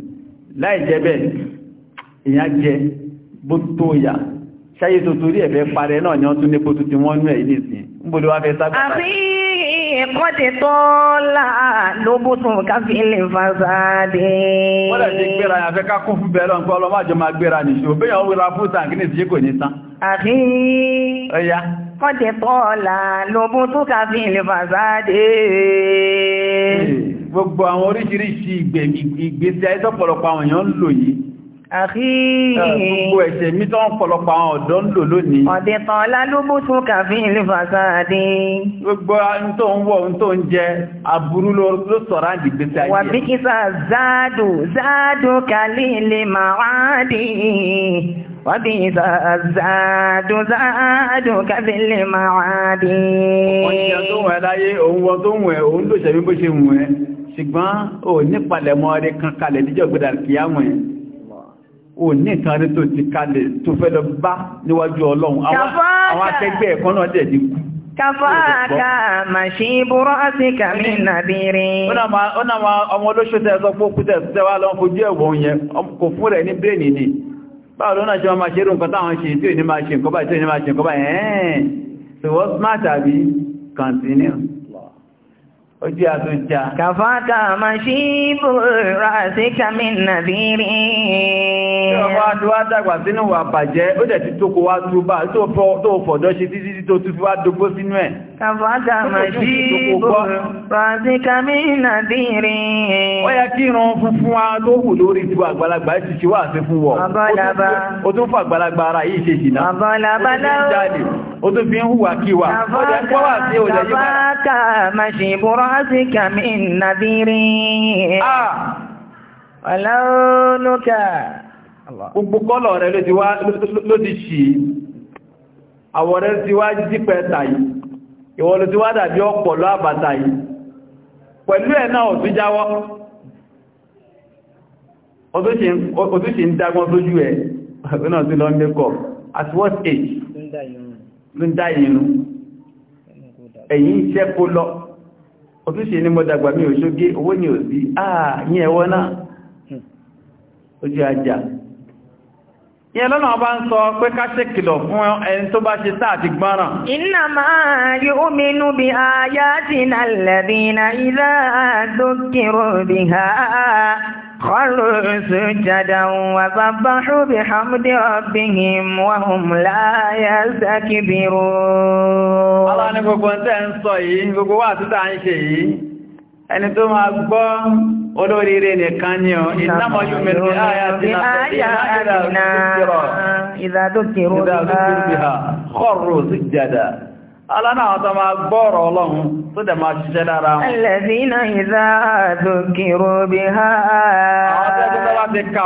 láì jẹ́ bẹ́ẹ̀ èyàn jẹ bó tó yà ṣáyé tó torí ẹ̀fẹ́ parẹ́ náà ni wọ́n tún ní tuntun wọ́n nú ẹ̀ nísìn ń bó ló wá fẹ́ sábà àbí ẹ̀kọ́ ti ló bó tún káfí lè fásáde wọ́n lẹ̀ ti gbéra yàn fẹ́ ká kún fún bẹ́ẹ̀ lọ́nà kọ́dé pọ́ọ̀lá lóbú tó ká fi ilé fàzádé. gbogbo àwọn oríṣiríṣi ìgbésí ayé tọ́pọ̀lọpọ̀ àwọn èèyàn ń lò yìí Gbogbo ẹ̀ṣẹ̀ mi tó ń pọ̀lọpọ̀ àwọn ọ̀dọ́ ń lò lónìí. Ọ̀dẹ̀ tán lálóbó tún kàfí ìlú fàṣáàdé. Gbogbo ohun tó ń wọ̀ ohun tó ń jẹ aburú ló sọ̀rọ̀ àdìgbèsè ayé. Wà bí kí sá záàdù záàdù kálí lè máa wá dì í. Wà bí kí sá záàdù záàdù kálí lè máa wá dì tó wọ̀ ẹ́ láyé, òun wọ tó wọ̀ ẹ́, òun ló ò ní nǹkan tó ti kalẹ̀ tó fẹ́ lọ bá níwájú ọlọ́run àwọn akẹgbẹ́ ẹ̀kan náà dẹ̀ dínkù kàfáàkà màṣí búrọ́ sí kàmí nàbírí ó náà ọmọ olóṣò tẹ́ fún òkútẹ̀ tẹ́wà lọ ẹ̀wọ̀n yẹn kò fún rẹ̀ ojú àtúnjá. Kàfákà máa ṣí bòrò sí kàmí nàbírí. Ṣé ọba tí wá dàgbà sínú wà bàjẹ́, ó dẹ̀ ti tókò wá túbà tó fọ̀dọ́ ṣe títí tó tún fi wá dogbó sínú ẹ̀. Kàfákà máa ṣí bòrò sí kàmí nàbírí. Ó yẹ kí irun funfun بعثك من نذير gbogbo kọ́lọ̀ rẹ̀ ló ti ṣì àwọ̀ rẹ̀ ti wá jípẹ́ tàyí ìwọ̀n ló ti wá dàbí ọ̀pọ̀lọ́ àbàtà yìí pẹ̀lú ẹ̀ náà òtú jáwọ́ òtúṣì ń dágbọ́n sójú ẹ̀ ọ̀gbọ́n náà òtúnṣe ní mọ́ dàgbà mí òṣógé owó ní òsí ààyí ẹwọ́ náà ojú ajá ìyẹn lọ́nà ọba ń sọ pé ká ṣe kìlọ̀ fún ẹni tó bá ṣe sáà ti gbọ́nà iná máa bí ayá ha خروا سجدا وسبحوا بحمد ربهم وهم لا يستكبرون الله ní gbogbo tẹ́ ń sọ yìí ní gbogbo wà títà ń ṣe yìí ẹni tó máa gbọ́ olóríire nìkan ni ọ ìdámọ́jú mẹ́rin àyà tí alánà àwọn tó máa gbọ́ọ̀rọ̀ ọlọ́run tó dẹ̀ máa ṣiṣẹ́ dára wọn. Ẹlẹ̀dínà ìzá àdókìrò bí ha. Àwọn tó ẹgbẹ́ bá ti ka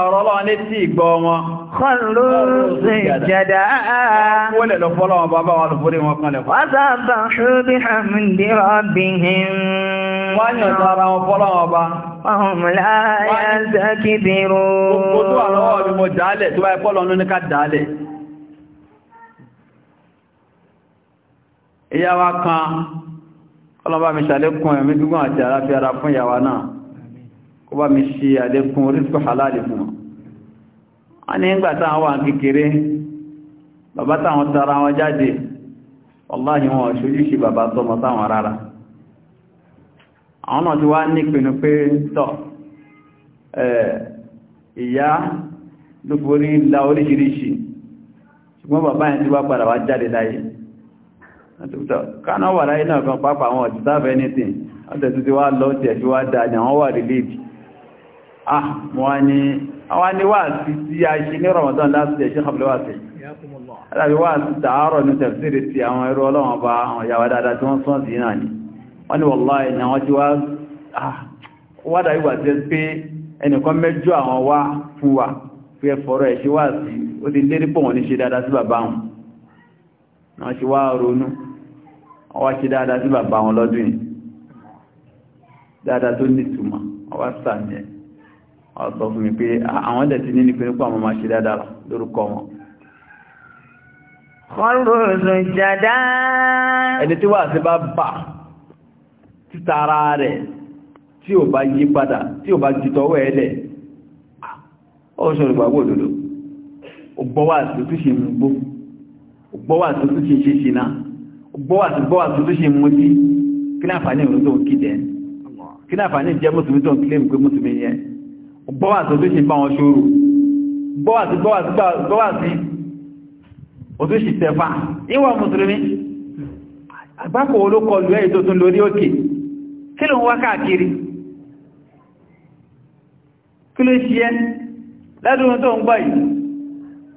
ìyáwá kan ọlọ́bá mi ṣàlékún ẹ̀mí gígùn àti àráfíara fún ìyàwó náà kó bá mi ṣe àlékún orísìkò halali fún a ní ń gbàtà àwọn kékeré bàbá táwọn tara wọn jáde wọláhí wọn ṣojúṣe bàbá tọmọ táwọn rárá àwọn náà ti wá ní ìpinnu pé tọ́ ìyá ló forí la oríṣiríṣi ṣùgbọ́n bàbá yẹn ti wá padà wá jáde láyé kánà wà láyé náà kan pápá àwọn ọ̀dìsáfẹ́ anything ọ̀tẹ̀tù ti wá lọ tẹ̀ fi wá dáadì àwọn wà relief ah wọ́n ni àwọn ni wà sí sí aṣe ní Ramadan láti tẹ̀ ṣe kàbílẹ̀wàsẹ̀ alábi wà ni wọ́n ni wọ́láì ni àwọn ti wá dáa ìwà tẹ́ pé ẹnìkan mẹ́jọ àwọn wá fún wa pé ẹfọ́rọ̀ ẹ̀ṣẹ́ wà sí ó ti lérí pọ̀ wọn ní ṣe dáadáa sí wọ́n ṣe wá ronú wọ́n wá ṣe dáadáa sí bàbá wọn lọ́dún yìí dáadáa tó nìtumọ̀ wọ́n wá sàmì ẹ̀ wọ́n sọ fún mi pé àwọn ẹ̀dẹ̀ ti ní ní pé nípa àwọn máa ṣe dáadáa lórúkọ wọn kọlùrùn jàdá ẹni tí wà sí bá bà títara rẹ̀ tí ò bá yí padà tí ò bá jùtọwọ́ ẹlẹ̀ ọ̀ṣọ́ ìgbàgbọ́ òdòdó ògbọ́wà tó túnṣe mú gbó ògbọ́wà tó túnṣe ṣe ṣe náà gbọ́wàtí gbọ́wàtí tó ṣe mú sí kí náà fàní ìrùn tó ń kí dẹ̀ẹ́n kí náà fàní jẹ́ mùsùlùmí tó ń kílé mú pé mùsùlùmí yẹ gbọ́wàtí tó ṣe bá wọn ṣòro gbọ́wàtí gbọ́wàtí gbọ́wàtí o tó ṣe tẹ̀fà ìwà mùsùlùmí àgbákò olókọlù ẹ̀ tó tún lórí òkè kí ló ń wá káàkiri kí ló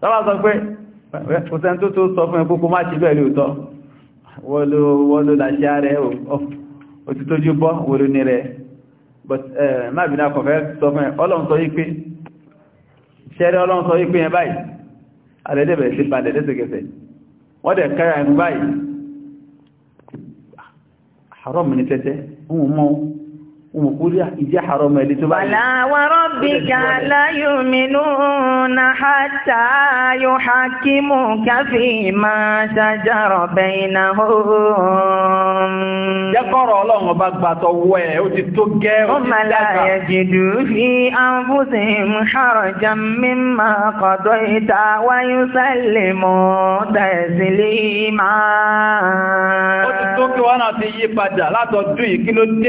tọ́wà sọ pé ọ̀sẹ̀ tó tó sọ fún ẹkùnkùn má ti bẹ́ẹ̀ lóòtọ́ wọ́lú láṣíá rẹ̀ òtítójú bọ́ wọ́lú ní rẹ̀ má bínú akọ̀fẹ́ sọ fún ẹ ọlọ́run sọ wípé ṣẹ́rẹ́ ọlọ́run sọ wípé yẹn báyìí alẹ́dẹ̀bẹ̀ òmùkúrí ìdí àárọ̀ ọmọ ẹ̀lẹ́ tó bá yìí. Àláwọ̀ rọ́bìkà láyò mìnú na hátà yóò ha kí mú káfí máa ṣàjárọ̀ bẹ̀yìnà hóòm. Jẹ́kọ̀rọ̀ ọlọ́run ọba gbà tọwọ́ ẹ̀ ó ti tó gẹ́ ó ti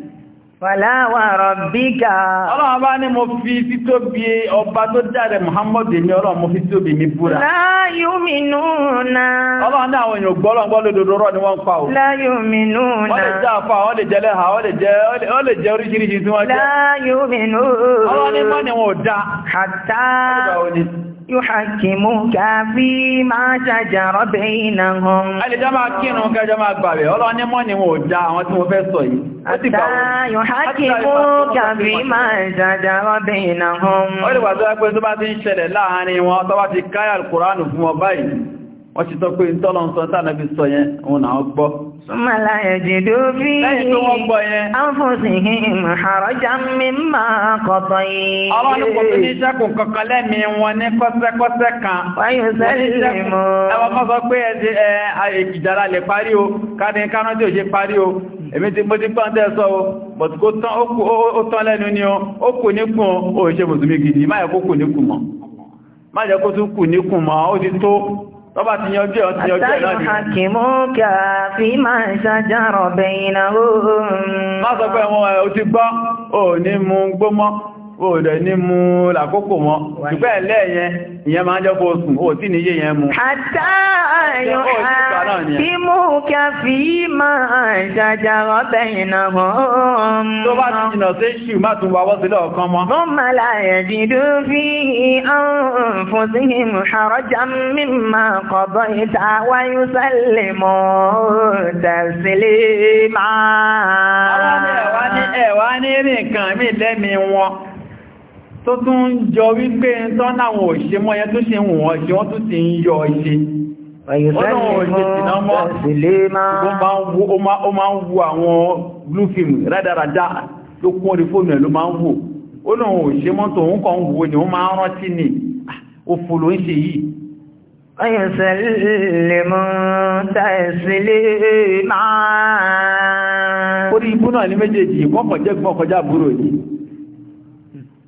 Fàláwà rọ̀bíkà. Ọlọ́run bá ní mo fi títóbi ọba tó dáre Muhammadu ní ọlọ́run mo fi títóbi mi búra. Láyúmínúna. Ọlọ́run ní àwọn èèyàn gbọ́lọ́ gbọ́lọ́ dodo rọ́ ni wọ́n pa o. Láyúmínúna. Wọ́n lè jẹ́ àfà, wọ́n lè jẹ́ lẹ́hà, wọ́n lè jẹ́ oríṣiríṣi tí wọ́n jẹ́. Láyúmínúna. Ọlọ́run ní mọ́ ni wọn máa ṣàjàrọ̀ bẹ́yìn kẹjọ máa gbàrẹ̀, ọlọ́run ní mọ́ ni wọn ò dá àwọn tí mo fẹ́ sọ yìí. Àtàyọ̀hákìmúkà bí máa jàjà rọ́bì ìnà hàn. Ó lè wà tó wá pé tó bá ti ń ṣẹlẹ̀ láàárín wọn tó bá ti káyà fún ọ báyìí, wọ́n ti tọ́ pé sọ yẹn, kọ̀tọ̀ yìí. kò ní ṣẹ́kù wọn ní kọ́sẹ́kọ́sẹ́ kan. Wáyé mọ́. Ẹwọ́n pé èmi ti mo ti gbá ń tẹ́ẹ̀sọ́ o but kó tán ó tán lẹ́nu ni ó kù níkùn ó ṣe mùsùlùmí gidi má yẹ kù níkùn mọ́ má tún kù níkùn mọ́ ó ti tó tọ́bá ti yanjú ẹ̀ ti yanjú òòdẹ̀ ní mú làkókò mọ́ ṣùgbẹ́ ẹ̀lẹ́ yẹn ìyẹn máa jẹ́ kó sùn ó tí níyé yẹn mú tí mú kẹfì máa jàjàrọ bẹ̀yìn ọ̀hún tó bá ti jìnà sí ṣù má tún wà wọ́sílẹ̀ ọ̀kan mọ́ mọ́ má láyẹ̀ jìdú fi ọ̀fọ̀síhìn àrọ́jà mímọ̀ kọ̀bọ̀ ìta wáyú sẹ́lẹ̀ mọ́ tẹ̀sílẹ̀ máa ẹ̀wá ní ẹ̀wá ní rìn kan mí lẹ́mi wọn tó tún jọ wípé tán láwọn òṣìṣẹ́ mọ́ yẹn tó ṣe ń wọ́n ṣe wọ́n tó ti ń yọ ṣe ó máa ń wo àwọn blue ó náà òṣìṣẹ́ mọ́ tó ń kàn wò ní ó máa ń rántí ni òfò ah, ló ń ṣe yìí Ayọ̀sẹ̀lẹ̀mọ́ tẹ̀sílẹ̀ máa. Orí ibú náà ní méjèèjì, wọ́n búrò yìí.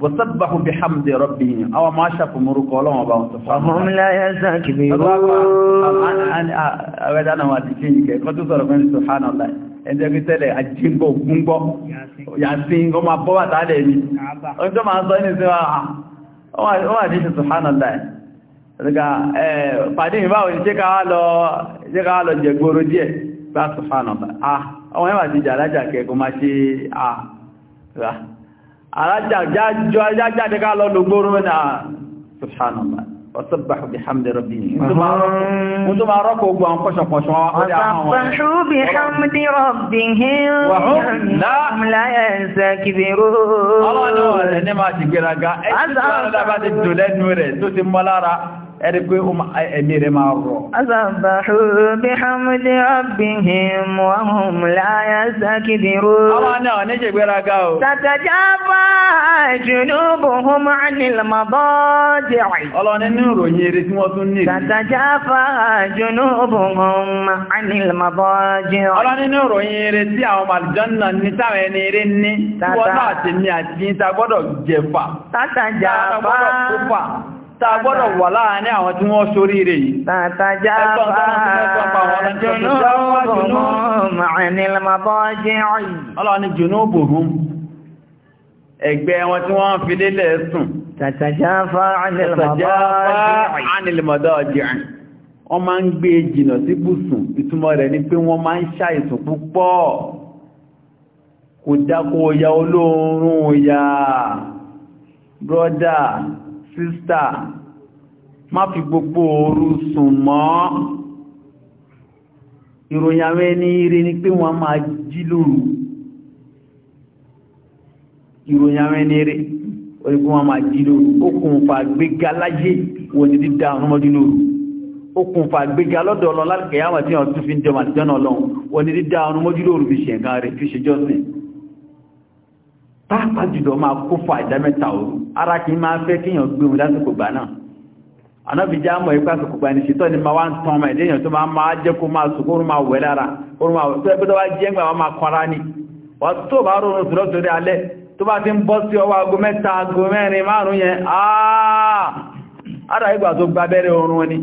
وسبحوا بحمد ربهم او ما شافوا مرق ولا ما باو فهم لا يستكبرون انا انا ما تجيني كنت صار من سبحان الله ẹjẹ́ fi tẹ́lẹ̀ àjíǹgbò gúngbọ́ yàtí ń gọ́ máa bọ́ wà tààlẹ̀ ní ọdún tó máa sọ ní sí wọ́n wà ní ṣe subhanallah ẹ̀rẹ́gà pàdé ìbáwò ní jẹ́ káwà lọ jẹgbóró díẹ̀ bá subhanallah alájáde ká lọ lògbóró ní subhanallah وسبحوا بحمد ربهم انتم عرفوا بان قشا قشا وسبحوا بحمد ربهم وهم لا يستكبرون الله نور انما تجرا غا اذا بعد الدولن نور تو تملارا ẹ̀rí pé ẹ̀mí rẹ̀ máa rọ̀. Asàbàhù bí Hamdi Rabbihim wa hum la yastakbirun. Àwọn náà ní ṣègbéraga 'anil madaji'. Ọlọ́ni ní ìròyìn eré tí wọ́n tún ní. 'anil madaji'. Ọlọ́ni ní ìròyìn eré tí àwọn màlìjọ́nà ní táwọn ẹni eré ní ta gbọ́dọ̀ wà láàárín àwọn tí wọ́n sórí rẹ̀ yìí. Tàtàjá Ẹgbẹ́ wọn tí wọ́n fi lélẹ̀ sùn. Tàtàjáfá ánìlèmọ̀dá ọjìrìn. Wọ́n máa ń gbé e jìnà sí bùsùn, ìtumọ̀ rẹ̀ ni pé wọ́n máa ń ṣàìsùn púpọ̀. Kò dákó ya olóorun ya, brọ́dà, sister, má fi gbogbo òru sùn mọ́ ìròyìn àwọn ẹni ire ni pé wọ́n máa jí lóru ìròyìn àwọn ẹni ire orígun wọn máa jí lóru okùnfà gbéga láyé wọ́n ti dídá ọmọdé lóru okùnfà gbéga lọ́dọ̀ ọlọ́lá kẹyàwó tí wọ́n tún fi ń jọmọ̀ àtijọ́ náà lọ́wọ́ wọ́n ti dídá ọmọdé lóru fi ṣẹ̀ǹkan rẹ̀ fi ṣe jọ́sìn pàápàá jùlọ máa kó fún àìdámẹ́ta òru ara kìí máa fẹ́ kíyàn gbéhùn lásìkò gbà náà anábìjá mọ̀ ipá sọ̀kò gbà ní ṣètọ́ ni ma wá ń tán ọmọ ìdíyàn tó máa máa jẹ́ kó máa sùkó orun máa wẹ̀ lára orun máa tó ẹgbẹ́ tó bá jẹ́ ńgbà máa ni wà tó bá rọrùn alẹ́ tó bá ti ń bọ́ sí ọwọ́ mẹ́ta mẹ́rin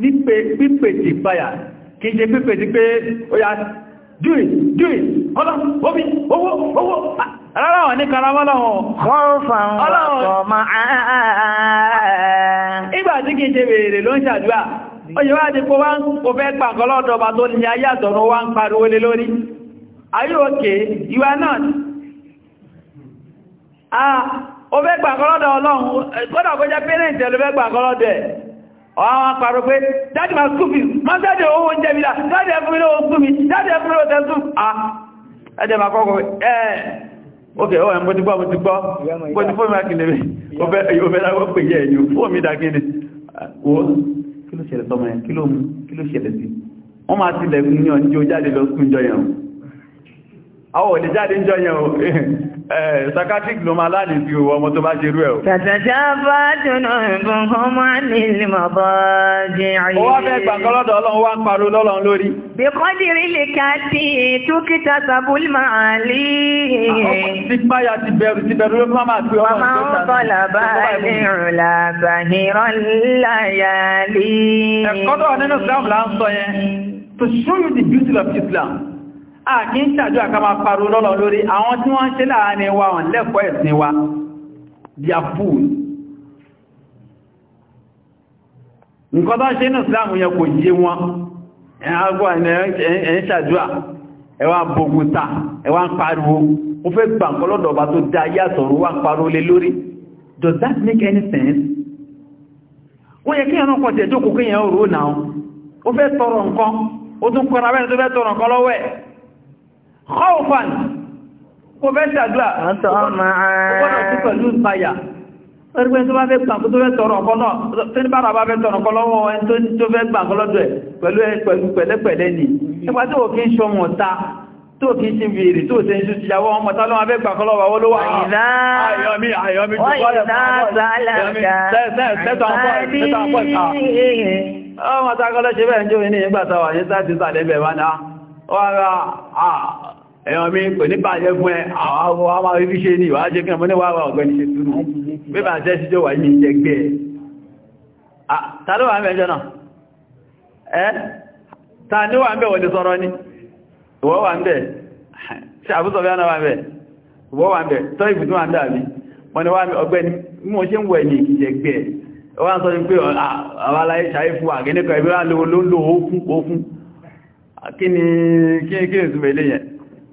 nípe pípètì páyà kí ṣe pípètì pé ó yá dúì dúì ọlọ́ omi owó owó rárá ní karamọ́ lọ́wọ́ kọ́ọ̀fàn ọlọ́wọ́ ìgbà tí kí ṣe bèèrè ló ń ṣàdúrà oye wá di kó wá ń ah, fẹ́ pàkọlọ́dọ̀bà o fẹ́ pàkọlọ́dọ̀ ọlọ́run kódà kó jẹ́ pẹ́rẹ́ǹtì ẹlú fẹ́ pàkọlọ́dọ̀ ẹ̀ àwọn àpàrò pé dájì máa skúfì máa owó oúnjẹ mi dájì ẹfúnmílẹ̀ oúnjẹ mi ah, máa kọ́kọ́ ẹ̀ ọwọ́ ẹ̀mọ́ ti gbọ́ o <laughs> Eh, Sakatik ló máa láàrin bí owó ọmọ tó bá ṣe rú o. Tàtàtà bá dùnà ìbùn kan máa nílì mọ̀ bọ́ jẹ́ ayé. Ó wá fẹ́ gbàkọ́lọ́dọ̀ ọlọ́run wá ń parú lọ́lọ́run lórí. Bí kọ́ dìrí lè ká tí tó Ti máa ti bẹ̀rù ti bẹ̀rù ló máa máa pé ọmọ tó tà. Wọ́n kọ́ làbá ní ìrùlà bàhírọ̀ láyàlí. Ẹ̀kọ́ Islam là ń sọ To show you the beauty of Islam. àkí ń ṣàjú àkàmà parú lọ́lọ́ lórí àwọn tí wọ́n ṣe láàárín wa wọn lẹ́kọ̀ọ́ ẹ̀sìn wa dia fool nǹkan tó ṣe ní ìsìláàmù yẹn kò yé wọn ẹ̀yìn ẹwà ẹwà ń pariwo kọ́ọ̀fàn kò fẹ́ ṣàdúrà ọgbọ́nà sí pẹ̀lú ìpayà ẹgbẹ́ tó bá fẹ́ gbà tó fẹ́ tọrọ ọkọ náà tó ní bára bá fẹ́ tọrọ ọkọ lọ́wọ́ ẹni tó fẹ́ gbà ọkọ lọ́dọ̀ ẹ̀ pẹ̀lú pẹ̀lú pẹ̀lẹ́pẹ̀lẹ́ ni nípa tí ò kí ń ṣọmọ̀ ta tó kí ń ṣe bèèrè tó ṣe ń ṣe ìyàwó ọmọ tá lọ́wọ́ fẹ́ gbà ọkọ lọ́wọ́ ló wà ayọ̀mí ayọ̀mí tó kọ́ lẹ̀ fún ọmọ ẹ̀yàn mi kò ní bàjẹ́ fún ẹ àwọn ọmọ orí ṣe ní ìwà jẹ́ kí ọmọ níwàwà ọ̀gbẹ́ni ṣe túnú bí bá jẹ́ síjọ wà ní ìjẹgbẹ́ ẹ̀ tàbí wà mẹ́jọ náà ẹ́ ta ní wà mẹ́ wọ́n sọ́rọ́ ní ìwọ́ wà mẹ́ ṣe àbúsọ̀ bí wà mẹ́ ìwọ́ wà mẹ́ tọ́ ìbùtún wà mẹ́ àbí wọ́n ni wà mẹ́ ọ̀gbẹ́ni mú ṣe ń wẹ̀ ní ìjẹgbẹ́ ẹ̀ wọ́n sọ ní pé àwọn aláyé ṣàyé fún àgẹ́nẹ́kọ̀ọ́ kí ni kí ni ìtumẹ̀ ilé yẹn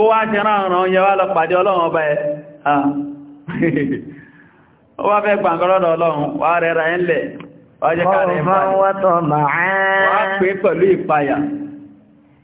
kó wá ṣe ránran yẹ wá lọ pàdé ọlọ́run ọba ẹ̀ ó wá fẹ́ gbàǹkọ́lọ́dọ̀ ọlọ́run wá rẹ̀ ra ẹ̀ wá jẹ́ káàrẹ̀ ìpáyà wá pé pẹ̀lú ìpáyà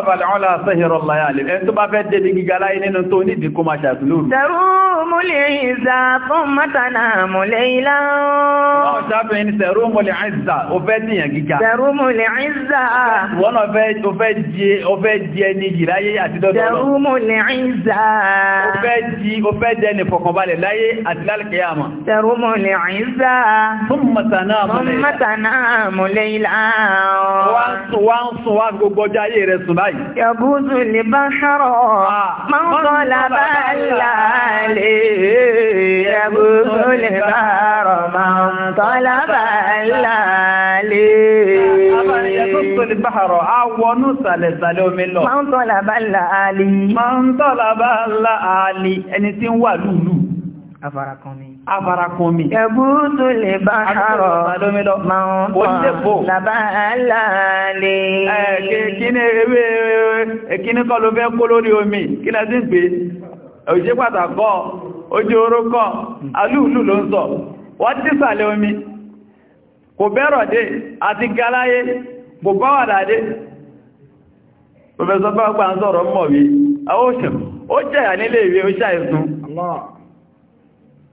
طلب العلا سهر الليالي انتو بافيت دي جلاين انو توني دي كما شاتلون تروم العزة ثم تنام ليلا شابين تروم العزة وفيتي يا جيكا تروم العزة وانا فيت وفيتي وفيتي ني جلاي اتدو تروم العزة وفيتي وفيتي ني فوكمبالي لاي اتلال قيامة تروم العزة ثم تنام ثم تنام ليلا وانسو وانسو وانسو gbogbo ayé rẹ̀ sùn báyìí. Yàbúzù ní bá ṣọ́rọ̀, máa ń kọ́ lábá láàlè. Yàbúzù ní bá rọ̀, máa ń kọ́ lábá láàlè. Yàbúzù ní bá rọ̀, á wọnú sàlẹ̀sàlẹ̀ omi lọ. Máa ń tọ́ lábá láàlè. Máa ẹni tí ń wà lúlù. Afarakunmi. Ẹ̀bùtù lè bá àárọ̀ máa ń pọ̀ lábá aláàlè. Ẹ̀kíní kọ́ ló fẹ́ kó lórí omi, kí lẹ́ sí pé òṣè pàtàkọ́, ojú orókọ́, alúùlù ló ń sọ, wọ́n ti sàlẹ̀ omi, kò bẹ́rọ̀ dé, àti galáyé, kò dé.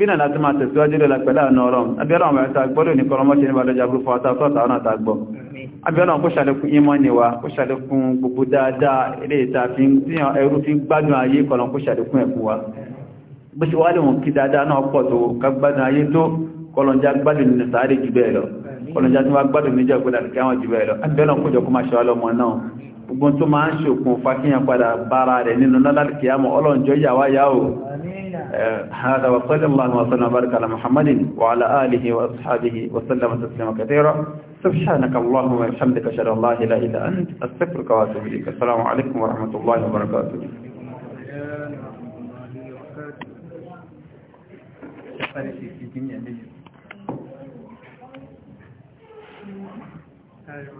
bínà láti máa tẹ̀síwájú lọ́la pẹ̀lá ọ̀nà ọ̀rọ̀ abẹ́rọ̀ àwọn ẹ̀ta gbọ́dọ̀ ní kọlọmọ́ṣẹ́ ní bàdọ̀jà burúkú àtàkọ́ta ọ̀nà àtàgbọ́ abẹ́rọ̀ kó ṣàlékún ìmọ̀ níwá kó ṣàlékún gbogbo dáadáa ilé ìta fi ń tí ẹrù fi gbádùn ayé kọlọ kó ṣàlékún ẹ̀kún wa bó ṣe wálé wọn kí dáadáa náà pọ̀ tó ká gbádùn ayé tó kọlọ̀njá gbádùn nínú sáré jù bẹ́ẹ̀ lọ kọlọ̀njá tí wọ́n gbádùn níjọ́ ìpínlẹ̀ àti káwọn jù bẹ́ẹ̀ lọ abẹ́rọ̀ هذا وصلى الله وسلم وبارك على محمد وعلى آله وأصحابه وسلم تسليما كثيرا سبحانك اللهم وبحمدك أشهد أن لا إله إلا أنت أستغفرك وأتوب إليك السلام عليكم ورحمة الله وبركاته Thank you.